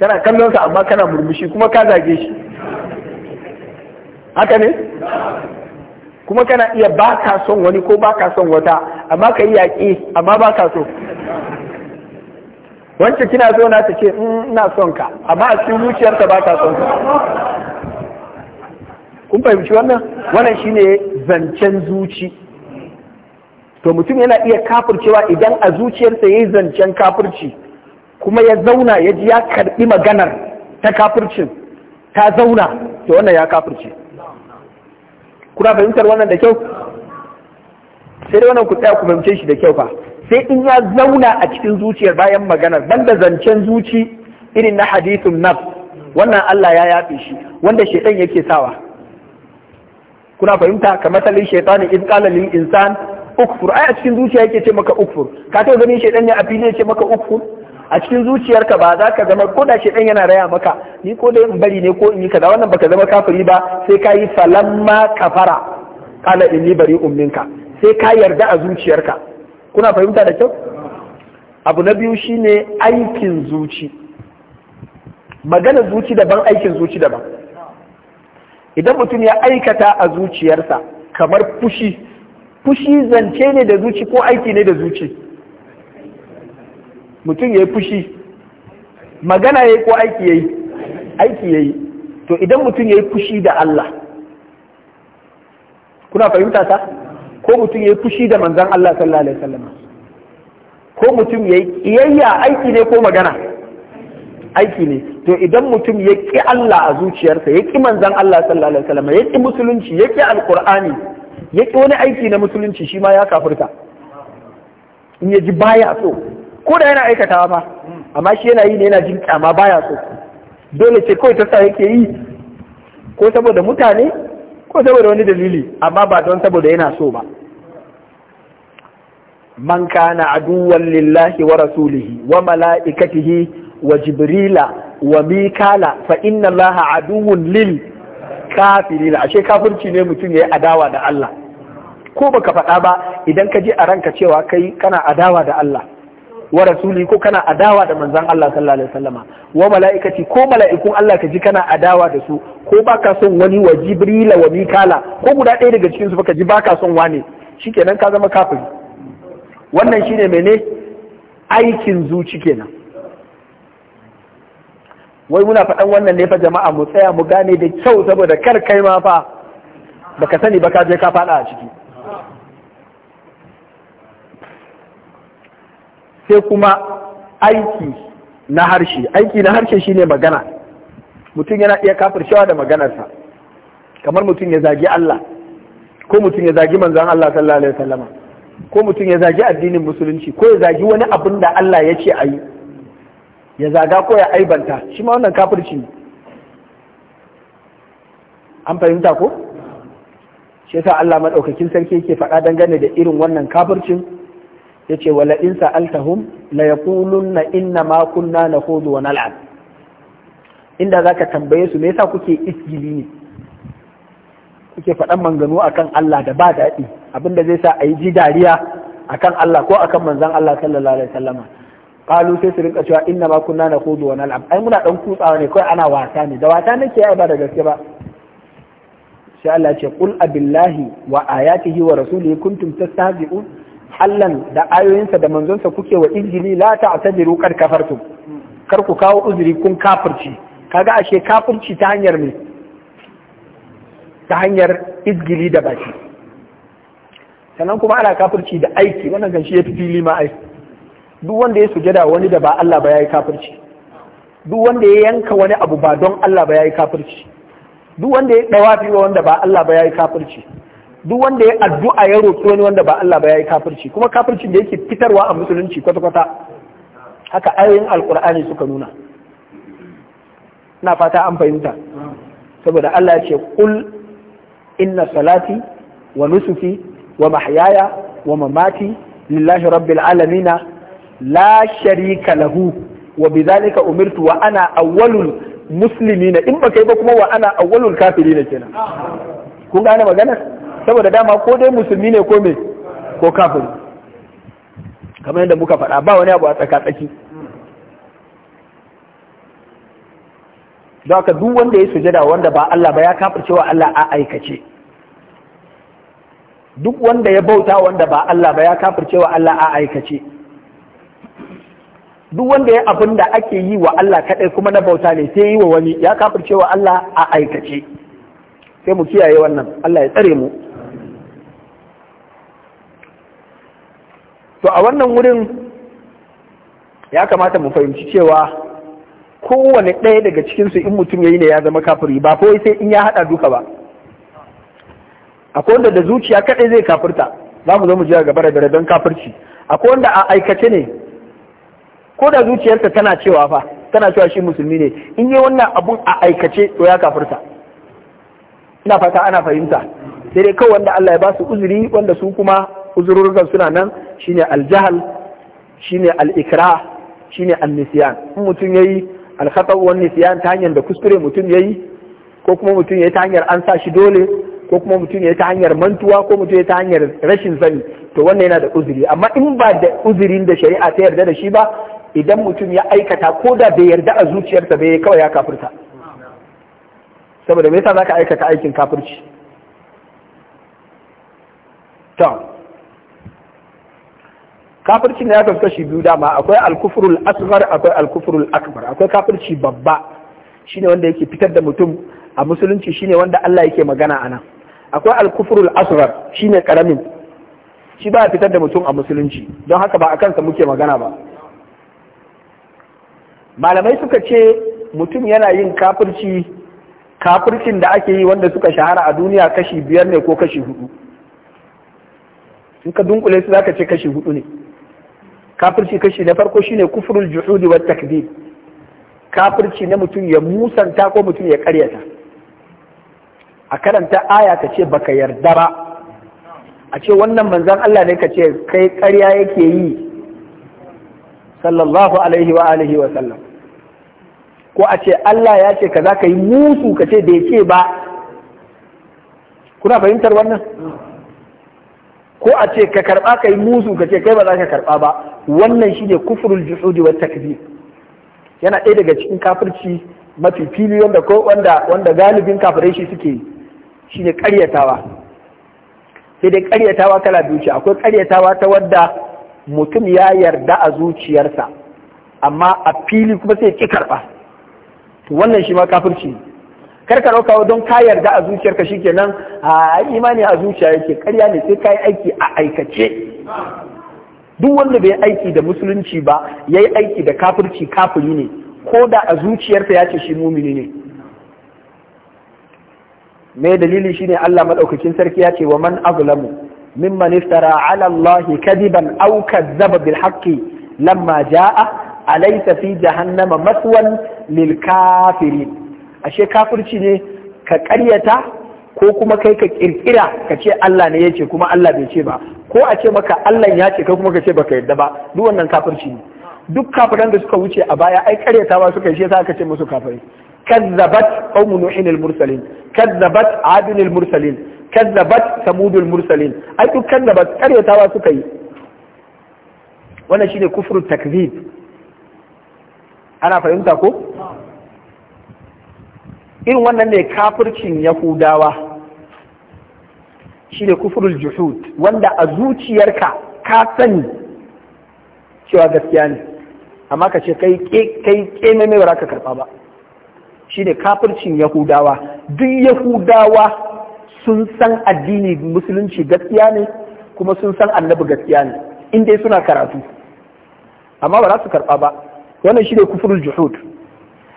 kana kallon sa amma kana murmushi kuma ka zage shi haka ne kuma kana iya ba ka son wani ko ba ka son wata amma ka yi yaƙi amma ba ka so wancan kina zo na ta ce mm, ina son ka amma a cikin zuciyarta ba ka son ka kun fahimci wannan wannan shine zancen zuci to mutum yana iya kafircewa idan a zuciyarsa yayi zancen kafirci kuma ya zauna ya ji ya karɓi maganar ta kafircin ta zauna to wannan ya kafirce kuna fahimtar wannan da kyau sai wannan ku tsaya ku fahimce shi da kyau fa sai in ya zauna a cikin zuciyar bayan maganar banda zancen zuci irin na hadithun naf wannan Allah ya yafe shi wanda shaitan yake sawa kuna fahimta ka matsalin shaitani in ƙalalin lil insan ukfur ai a cikin zuciya yake ce maka ukfur ka ta ganin shaitan ne a fili ya ce maka ukfur a cikin zuciyarka ba za ka zama ko da shi dan yana raya maka ni ko dai in bari ne ko in yi kaza wannan baka zama kafiri ba sai ka yi falamma kafara qala inni bari minka sai ka yarda a zuciyarka kuna fahimta da kyau abu na biyu shine aikin zuci magana zuci daban aikin zuci daban idan mutum ya aikata a zuciyarsa kamar fushi fushi zance ne da zuci ko aiki ne da zuci mutum ya yi fushi magana ya yi ko aiki ya yi aiki ya yi to idan mutum ya yi fushi da Allah kuna fahimta ta ko mutum ya yi fushi da manzan Allah sallallahu alaihi wasallam ko mutum ya yi kiyayya aiki ne ko magana aiki ne to idan mutum ya ki Allah a zuciyarsa ya ki manzan Allah sallallahu alaihi wasallam ya ki musulunci ya ki alqur'ani ya ki wani aiki na musulunci shi ma ya kafirta in ya ji baya so ko da yana aikatawa ba amma shi yana yi ne yana jin kyama baya so dole ce kawai ta sa yake yi ko saboda mutane ko saboda wani dalili amma ba don saboda yana so ba man na aduwwan lillahi wa rasulihi wa mala'ikatihi wa jibrila wa mikala fa inna laha aduwwun lil kafirina ashe kafirci ne mutum ya yi adawa da Allah ko baka faɗa ba idan ka ji a ranka cewa kai kana adawa da Allah wa rasuli ko kana adawa da manzon Allah sallallahu alaihi wasallama wa mala'ikati ko mala'ikun Allah ka ji kana adawa da su ko baka son wani wa jibrila wa mikala ko guda ɗaya daga cikin su baka ji baka son wane shikenan ka zama kafiri wannan shine mene aikin zuci kenan wai muna faɗan wannan ne fa jama'a mu tsaya mu gane da kyau saboda kar kai ma fa baka sani ba ka je ka faɗa a ciki sai kuma aiki na harshe aiki na harshe shine magana mutum yana iya shawa da maganarsa kamar mutum ya zagi Allah ko mutum ya zagi manzon Allah sallallahu alaihi wasallama ko mutum ya zagi addinin musulunci ko ya zagi wani abin da Allah ya ce a yi ya zaga ko ya aibanta shi ma wannan kafirci ne an fahimta ko shi yasa Allah madaukakin sarki yake faɗa dangane da irin wannan kafircin yace wala in sa'altahum la yaqulunna inna ma kunna nakhudu wa nal'ab inda zaka tambaye su me yasa kuke isgili ne kuke faɗan manganu akan Allah da ba daɗi abinda zai sa a yi ji dariya akan Allah ko akan manzon Allah sallallahu alaihi wasallama qalu sai su rinka cewa inna ma kunna nakhudu wa nal'ab ai muna dan kutsawa ne kai ana wasa ne da wasa nake ai ba da gaske ba sai Allah ce qul abillahi wa ayatihi wa rasulihi kuntum tastahzi'un Allahn da ayoyinsa da manzonsa kuke wa injili la ta'tadiru qad kafartum kar ku kawo uzuri kun kafirci kaga ashe kafirci ta hanyar ne ta hanyar izgili da baki sannan kuma ana kafirci da aiki wannan kan shi ya fi fili ai duk wanda ya sujada wani da ba Allah ba yayi kafirci duk wanda ya yanka wani abu ba don Allah ba yayi kafirci duk wanda ya dawafi wanda ba Allah ba yayi kafirci duk wanda ya addu'a ya roƙi wani wanda ba Allah ba ya yi kafirci kuma kafircin da yake fitarwa a musulunci kwata-kwata haka ayoyin alkur'ani suka nuna na fata an fahimta saboda Allah ya ce kul inna salati wa nusuki wa mahyaya wa mamati lillahi rabbil alamina la sharika lahu wa bidhalika umirtu wa ana awwalul muslimina in ba kai ba kuma wa ana awwalul kafirina kenan kun gane maganar saboda dama ko dai musulmi ne ko me ko kafin. kamar yadda muka faɗa ba wani abu a tsaka-tsaki Za ka duk wanda ya sujada wanda ba Allah ba ya kafin cewa Allah a aikace duk wanda ya bauta wanda ba Allah ba ya kafin cewa Allah a aikace duk wanda ya abin da ake yi wa Allah kaɗai kuma na bauta ne sai yi wa wani ya kafin cewa Allah a aikace sai mu kiyaye wannan Allah ya tsare mu to a wannan wurin ya kamata mu fahimci cewa kowane ɗaya daga cikinsu in mutum ya yi ne ya zama kafiri ba kawai sai in ya haɗa duka ba akwai wanda da zuciya kaɗai zai kafirta za mu zo mu jiya gaba da don kafirci akwai wanda a aikace ne ko da zuciyarsa tana cewa fa tana cewa shi musulmi ne in yi wannan abun a aikace to ya kafirta ina fata ana fahimta sai dai kawai wanda Allah ya ba su uzuri wanda su kuma uzururrukan suna nan shine aljahal shine al-ikra shine al nisyan in mutum ya yi khata wani nisyan ta hanyar da kuskure mutum ya yi ko kuma mutum ya yi ta hanyar an sa shi dole ko kuma mutum ya yi ta hanyar mantuwa ko mutum ya yi ta hanyar rashin sani to wannan yana da uzuri amma in ba da uzurin da shari'a ta yarda da shi ba idan mutum ya aikata ko da bai yarda a zuciyarsa bai kawai ya kafirta saboda me yasa zaka aikata aikin kafirci to kafircin da ya kasu kashi biyu dama akwai alkufurul asghar akwai alkufurul akbar akwai kafirci babba shine wanda yake fitar da mutum a musulunci shine wanda Allah yake magana ana akwai alkufurul asghar shine karamin shi ba fitar da mutum a musulunci don haka ba a kansa muke magana ba malamai suka ce mutum yana yin kafirci kafircin da ake yi wanda suka shahara a duniya kashi biyar ne ko kashi hudu in ka dunkule su za ka ce kashi hudu ne kafirci kashi na farko shine kufrul juhudi wa takdib kafirci na mutum ya musanta ko mutum ya karyata a karanta aya ta ce baka yarda ba a ce wannan manzan Allah ne ka kai karya yake yi sallallahu alaihi wa alihi wa sallam ko a ce Allah ya ce ka za ka yi musu kace da ya ce ba kuna fahimtar wannan ko a ce ka karɓa ka yi musu ka ce kai ba za ka karɓa ba wannan shine kufrul juhudi wa takzib yana ɗaya daga cikin kafirci mafi fili wanda ko wanda wanda galibin kafirai shi suke yi shine karyatawa sai dai karyatawa kala biyu ce akwai karyatawa ta wadda mutum ya yarda a zuciyarsa amma a fili kuma sai ki karɓa to wannan shi ma kafirci ne kar ka ɗauka don ka yarda a zuciyarka shikenan a imani a zuciya yake karya ne sai ka yi aiki a aikace duk wanda bai aiki da musulunci ba ya yi aiki da kafirci kafiri ne ko da a zuciyarsa ya ce shi mumini ne mai dalili shine Allah maɗaukakin sarki ya ce wa man azlamu mimman iftara ala Allah kadiban aw kazzaba bil haqqi lamma jaa alaysa fi jahannama maswan lil kafirin ashe kafirci ne ka karyata ko kuma kai ka ƙirƙira ka ce Allah ne ya ce kuma Allah bai ce ba ko a ce maka Allah ya ce kai kuma ka ce baka yarda ba duk wannan kafirci ne duk kafiran da suka wuce a baya ai ba suka yi shi yasa aka ce musu kafiri. kazzabat qaum nuhin al-mursalin kazzabat adun al-mursalin kazzabat samud al-mursalin ai duk kazzabat ba suka yi wannan shine kufru takzib ana fahimta ko irin wannan ne kafircin yahudawa shi ne kufurul juhud wanda a zuciyarka ka sani cewa gaskiya ne amma ka ce kai kai mai ba ka karba ba shi ne kafircin yahudawa duk yahudawa sun san addini musulunci gaskiya ne kuma sun san annabi gaskiya ne inda suna karatu amma ba za su karba ba wannan shi ne kufurul juhud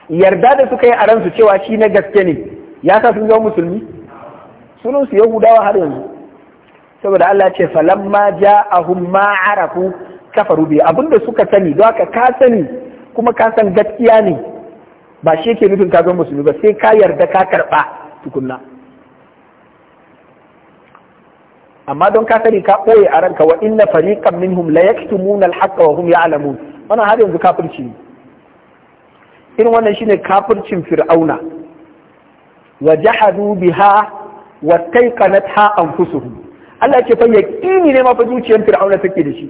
yarda da suka yi a ransu cewa shi na gaske ne ya sa sun zama musulmi sunan su yahudawa har yanzu saboda Allah ce falamma ja'ahum ma arafu kafaru bi abinda suka sani don haka ka sani kuma ka san gaskiya ne ba shi yake nufin ka zama musulmi ba sai ka yarda ka karba tukunna amma don ka sani ka ɓoye a ranka wa inna fariqan minhum la yaktumuna al-haqqa wa hum ya'lamun wannan har yanzu kafirci ne irin wannan shine kafircin fir'auna wa jahadu biha wa taiqanatha anfusuhum Allah ya ce fa yaqini ne ma fa zuciyar fir'auna take da shi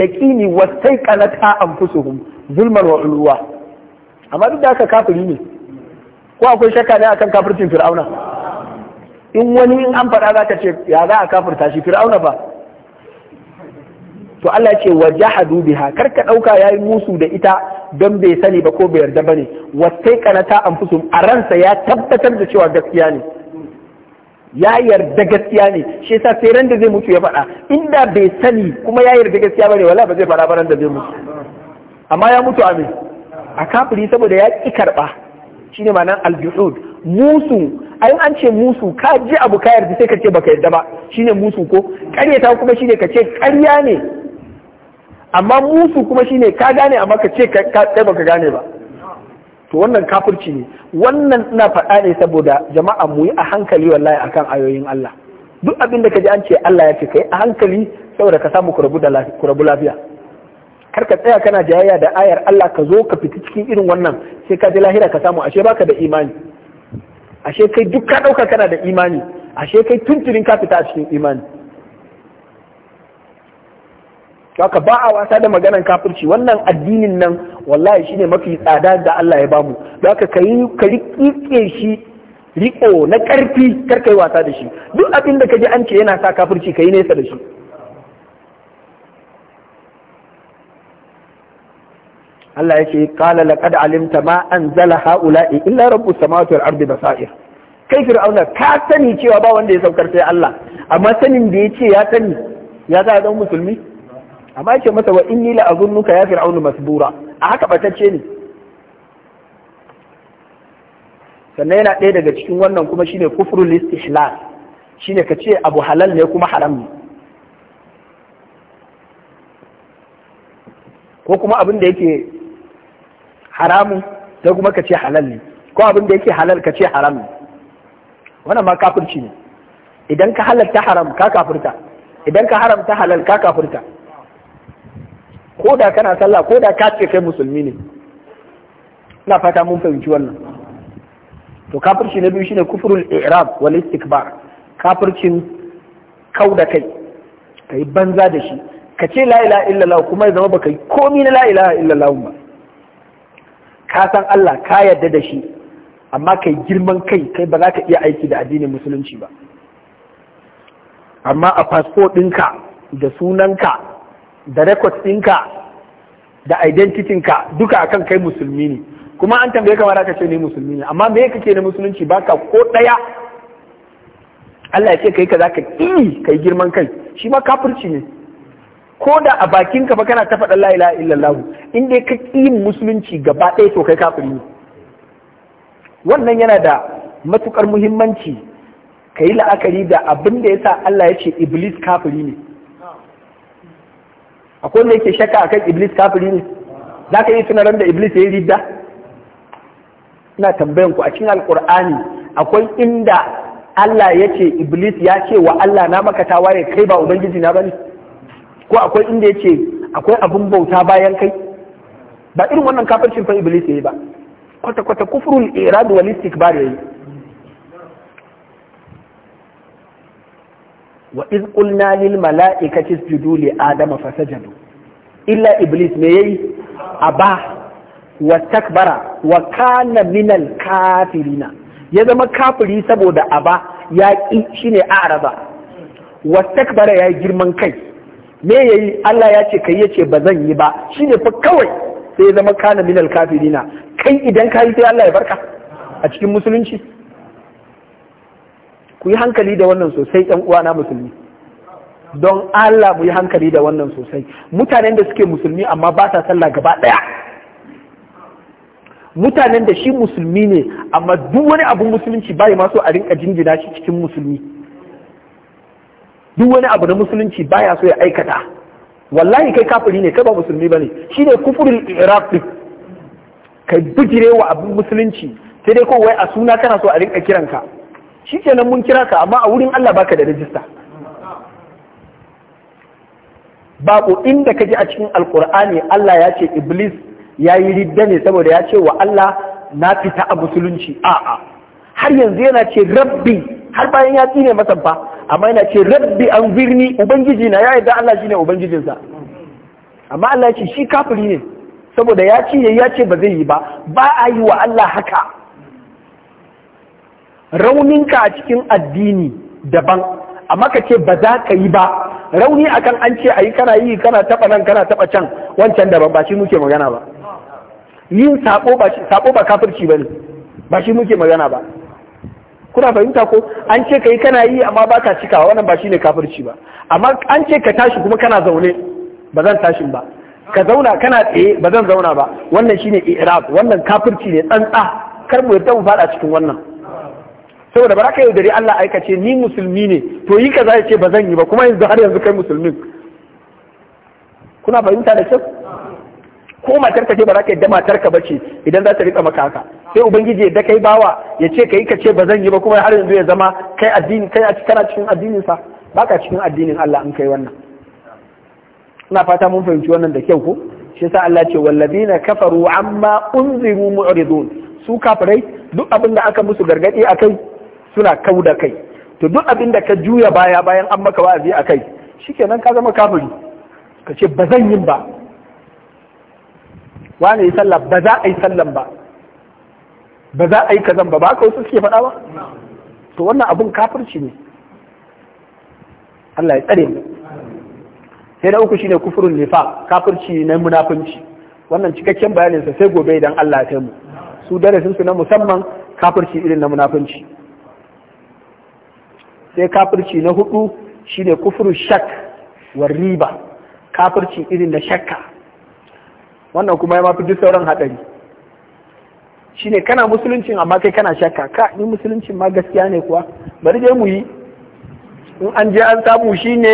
yaqini wa taiqanatha anfusuhum zulman wa ulwa amma duk da haka kafiri ne ko akwai shakka ne akan kafircin fir'auna in wani in an fada zaka ce ya za a kafirta shi fir'auna ba to Allah ce wa jahadu biha karka dauka yayi musu da ita don bai sani ba ko bai yarda ba ne wasai kanata an fusum a ransa ya tabbatar da cewa gaskiya ne ya yarda gaskiya ne shi yasa sai ran da zai mutu ya faɗa inda bai sani kuma ya yarda gaskiya ne wala ba zai faɗa ba ran da zai mutu amma ya mutu a a kafiri saboda ya ki karɓa shine ma'anar aljuhud musu ai an ce musu ka ji abu ka yarda sai ka ce baka yarda ba ne musu ko ƙaryata kuma shine ka ce ƙarya ne amma musu kuma shine ka gane amma ka ce kai baka gane ba to wannan kafirci ne wannan ina faɗa ne saboda jama'a mu yi a hankali wallahi akan ayoyin Allah duk abin da ka ji an ce Allah ya ce kai a hankali saboda ka samu ku rabu lafiya kar ka tsaya kana jayayya da ayar Allah ka zo ka fita cikin irin wannan sai ka ji lahira ka samu ashe baka da imani ashe kai duk ka ɗauka kana da imani ashe kai tuntunin ka fita cikin imani haka ba a wasa da maganan kafirci wannan addinin nan wallahi shine mafi tsada da Allah ya bamu zaka kai ka rike shi riko na karfi kar kai wasa da shi duk abin da kaji an ce yana sa kafirci kai nesa da shi Allah ya ce kala laqad alimta ma anzala haula'i illa rabbus samawati wal ardi basair kai fir'auna ka sani cewa ba wanda ya saukar sai Allah amma sanin da ce ya sani ya ga dan musulmi amma yake masa wa inni la azunnuka ya fir'aunu masbura a haka batacce ne sannan yana ɗaya daga cikin wannan kuma shine kufrul istihlal shine ka ce abu halal ne kuma haram ne ko kuma abin da yake haramun sai kuma ka ce halal ne ko abin da yake halal ka ce haram ne wannan ma kafirci ne idan ka ta haram ka kafirta idan ka haram ta halal ka kafirta ko da kana sallah ko da ka ce kai musulmi ne ina fata mun fahimci wannan to kafirci na biyu shine kufrul i'rab wal istikbar kafircin kau da kai kai banza da shi ka ce la ilaha illallah kuma ya zama baka yi komai na la ilaha illallah ba ka san Allah ka yarda da shi amma kai girman kai kai ba za ka iya aiki da addinin musulunci ba amma a fasfo ɗinka da sunanka da record ɗinka da identitinka duka akan kai musulmi ne kuma an tambaye kamar aka ce ne musulmi ne amma me kake na musulunci baka ko ɗaya Allah ya ce kai kaza ka ƙi kai girman kai shi ma kafirci ne ko da a bakin ka ba kana ta faɗa la'ila illallah in dai ka ƙi musulunci gaba ɗaya to kai kafiri ne wannan yana da matukar muhimmanci ka yi la'akari da abin da ya sa Allah ya ce iblis kafiri ne akwai wanda yake shakka akan iblis kafiri ne za ka yi tunaran da iblis ya yi ridda ina tambayan ku a cikin alkur'ani akwai inda Allah ya ce iblis ya ce wa Allah na maka ya kai ba ubangiji na bane ko akwai inda ya ce akwai abin bauta bayan kai ba irin wannan kafircin fa iblis ya yi ba kwata kwata kufrul irad wal istikbar yi. wa iz qulna lil mala'ikati isjudu li adama fasajadu illa iblis me yayi aba takbara wa kana al kafirina ya zama kafiri saboda aba ya ki shine araba takbara ya girman kai me yayi Allah ya ce kai yace bazan yi ba shine fa kawai sai ya zama kana al kafirina kai idan ka yi sai Allah ya barka a cikin musulunci ku yi hankali da wannan sosai ɗan uwana musulmi don Allah mu yi hankali da wannan sosai mutanen da suke musulmi amma ba sa sallah gaba ɗaya mutanen da shi musulmi ne amma duk wani abu musulunci bai ma so a rinka jinjina shi cikin musulmi duk wani abu na musulunci baya so ya aikata wallahi kai kafiri ne kai ba musulmi bane shi ne kufurin iraq kai bijire wa abin musulunci sai dai wai a suna kana so a rinka kiranka shi shikenan mun kira ka amma a wurin Allah baka da rajista babu inda kaji a cikin alkur'ani Allah ya ce iblis ya yi ridda ne saboda ya ce wa Allah na fita a musulunci a'a har yanzu yana ce rabbi har bayan ya tsine masa amma yana ce rabbi an birni ubangiji na ya yarda Allah shine ubangijinsa amma Allah ya ce shi kafiri ne saboda ya ce ya ce ba zai yi ba ba a yi wa Allah haka rauninka a cikin addini daban amma ka ce ba za ka yi ba rauni akan an ce a yi kana yi kana taɓa nan kana taɓa can wancan daban ba shi muke magana ba yin sabo ba kafirci ba ne ba shi muke magana ba kuna fahimta ko an ce ka yi kana yi amma ba ka cikawa wannan ba shine kafirci ba amma an ce ka tashi kuma kana zaune ba zan tashin ba ka zauna kana tsaye ba zan zauna ba wannan shine i'rab wannan kafirci ne tsantsa kar mu yadda mu fada cikin wannan saboda ba ka yaudari Allah aikace ni musulmi ne to yi kaza ya ce ba zan yi ba kuma yanzu har yanzu kai musulmin kuna fahimta da kyau ko matar ka ce ba za ka yadda matar ba ce idan za ta rika maka haka sai ubangiji da kai bawa ya ce ka yi ka ce ba zan yi ba kuma har yanzu ya zama kai addini kai a kana cikin addinin sa baka cikin addinin Allah in kai wannan ina fata mun fahimci wannan da kyau ko shi yasa Allah ce wallazina kafaru amma unziru mu'ridun su kafirai duk abin da aka musu gargadi akai suna kau da kai to duk abin da ka juya baya bayan an maka wa'azi a kai shikenan ka zama kafiri ka ce ba zan yin ba wane yi sallah ba za a yi sallan ba ba za a yi kazan ba ba ka wasu suke faɗa ba to wannan abun kafirci ne Allah ya tsare sai na uku shine kufurin nifa kafirci na munafunci wannan cikakken bayanin sai gobe idan Allah ya taimu, su darasin su na musamman kafirci irin na munafunci sai kafirci na hudu shine kufurin shak wa riba kafirci irin da shakka wannan kuma ya mafi duk sauran hadari shine kana musuluncin amma kai kana shakka ka ni musuluncin ma gaskiya ne kuwa bari je mu yi in an je an samu shine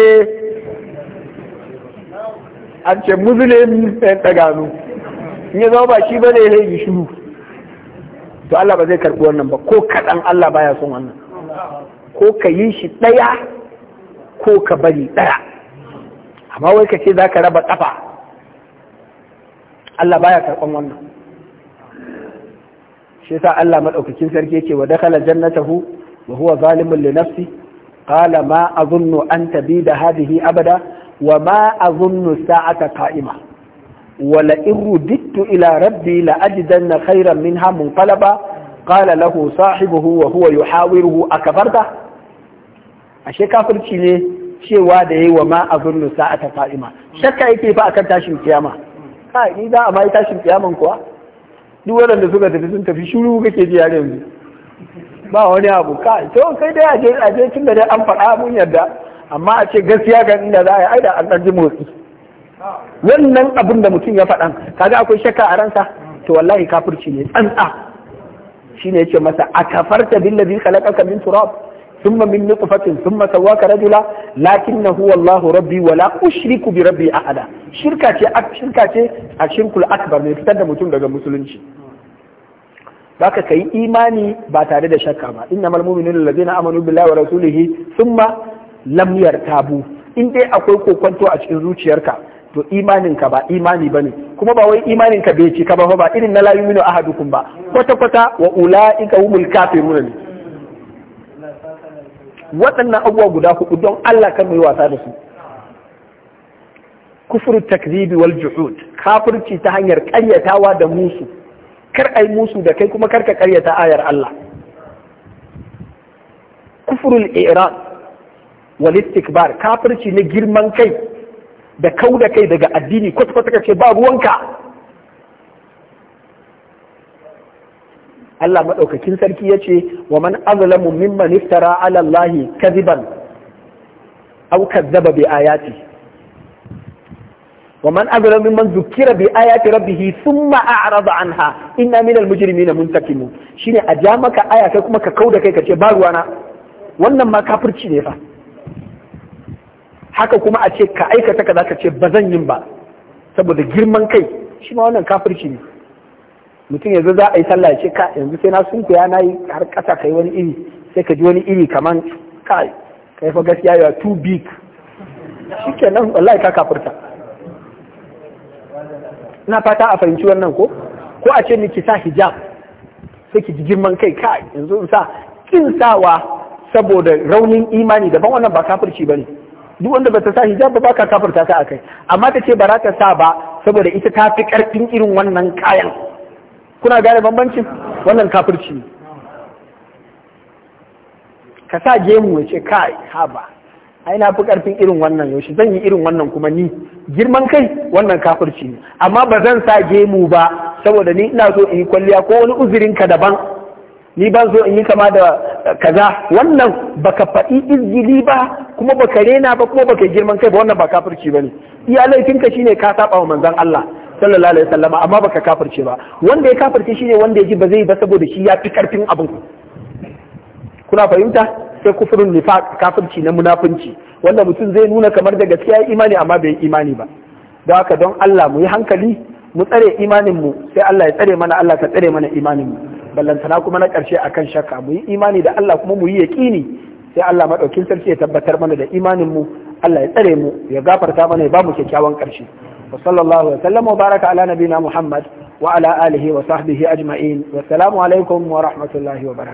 an ce muslim ta eh, gano in ya zama ba shi bane ya yi shiru to Allah ba zai karbi wannan ba ko kaɗan Allah baya son wannan ko ka yi shi ɗaya ko ka bari ɗaya amma wai ka ce za ka raba ƙafa Allah baya karɓan wannan shi yasa Allah madaukakin sarki yake wa dakhala jannatahu wa huwa zalimun li nafsi qala ma azunnu an tabida hadhihi abada wa ma azunnu sa'ata qa'ima wa la irudittu ila rabbi la ajidanna khayran minha munqalaba qala lahu sahibuhu wa huwa yuhawiruhu akafarta ashe kafirci ne cewa da yi wa ma sa'a sa'ata qa'ima shakka yake fa akan tashin kiyama kai ni za a mai tashin kiyaman kuwa duk waɗanda suka tafi sun tafi shiru kake ji yare yanzu ba wani abu kai to kai dai aje aje tun da dai an faɗa mun yarda amma a ce gaskiya ga inda za a yi aida an ɗan motsi wannan abin da mutum ya faɗan kaga akwai shakka a ransa to wallahi kafirci ne tsantsa shine yace masa a akafarta billazi khalaqaka min turab ثم من نطفة ثم سواك rabbi wala هو الله ربي ولا أشرك بربي أحدا شركة شركة الشرك الأكبر من فتن متون daga musulunci baka kai imani ba tare da shakka ba innamal mu'minuna allazina amanu billahi wa rasulihi thumma lam yartabu in dai akwai kokonto a cikin zuciyarka to imaninka ba imani bane kuma ba wai imaninka bai cika ba ba irin na la yu'minu ahadukum ba kwata kwata wa ulaika humul kafiruna ne waɗannan abubuwa guda hudu don Allah kan yi wasa da su kufur takzibi wal juhud kafirci ta hanyar ƙaryatawa da musu kar ai musu da kai kuma karka ƙaryata ayar Allah kufurul iran wal istikbar kafirci na girman kai da kau da kai daga addini kwata kwata ce ba ruwanka Allah maɗaukakin sarki ce wa man azlamu mimman iftara ala Allah kadiban aw kadzaba bi ayati wa man azlamu mimman zukira bi ayati rabbih thumma a'rada anha inna minal mujrimina muntakimun shine a ja maka aya kai kuma ka kauda kai ka ce ba ruwana wannan ma kafirci ne fa haka kuma a ce ka aikata ka za ka ce ba zan yin ba saboda girman kai shi ma wannan kafirci ne mutum yanzu za a yi sallah ya ce ka yanzu sai na sunkuya na yi har kasa kai wani iri sai ka ji wani iri kaman kai kai fa gaskiya ya too big shikenan wallahi ka kafurta na fata a fahimci wannan ko ko a ce ki sa hijab sai ki ji girman kai ka yanzu in sa kin sawa saboda raunin imani daban wannan ba kafirci bane duk wanda ta sa hijab ba ka kafirta ta akai amma ta ce ba za ta sa ba saboda ita ta fi karfin irin wannan kayan kuna gane bambancin wannan kafirci ne ka sa gemu ya ce ha ba ai na fi karfin irin wannan yaushe zan yi irin wannan kuma ni girman kai wannan kafirci ne amma ba zan sa gemu ba saboda ni ina so in yi kwalliya ko wani uzurin ka daban ni ban so in yi kama da eh, kaza wannan baka faɗi izgili ba kuma baka rena ba kuma baka girman kai ba wannan ba kafirci ne, iya laifinka shine ka saba wa manzon Allah sallallahu alaihi wasallam amma baka kafirce ba wanda ya kafirce shine wanda ya ji ba zai ba saboda shi ya fi karfin abin kuna fahimta sai kufurin nifaq kafirci na munafunci wanda mutum zai nuna kamar da gaskiya imani amma bai imani ba don haka don Allah mu yi hankali mu tsare imanin mu sai Allah ya tsare mana Allah ka tsare mana imanin mu ballantana kuma na karshe akan shakka mu yi imani da Allah kuma mu yi yaqini sai Allah madaukin sarki ya tabbatar mana da imanin mu Allah ya tsare mu ya gafarta mana ya ba mu kyakkyawan karshe wa sallallahu wa sallam wa baraka ala nabina muhammad wa ala alihi wa sahbihi ajma'in wa salamu wa rahmatullahi wa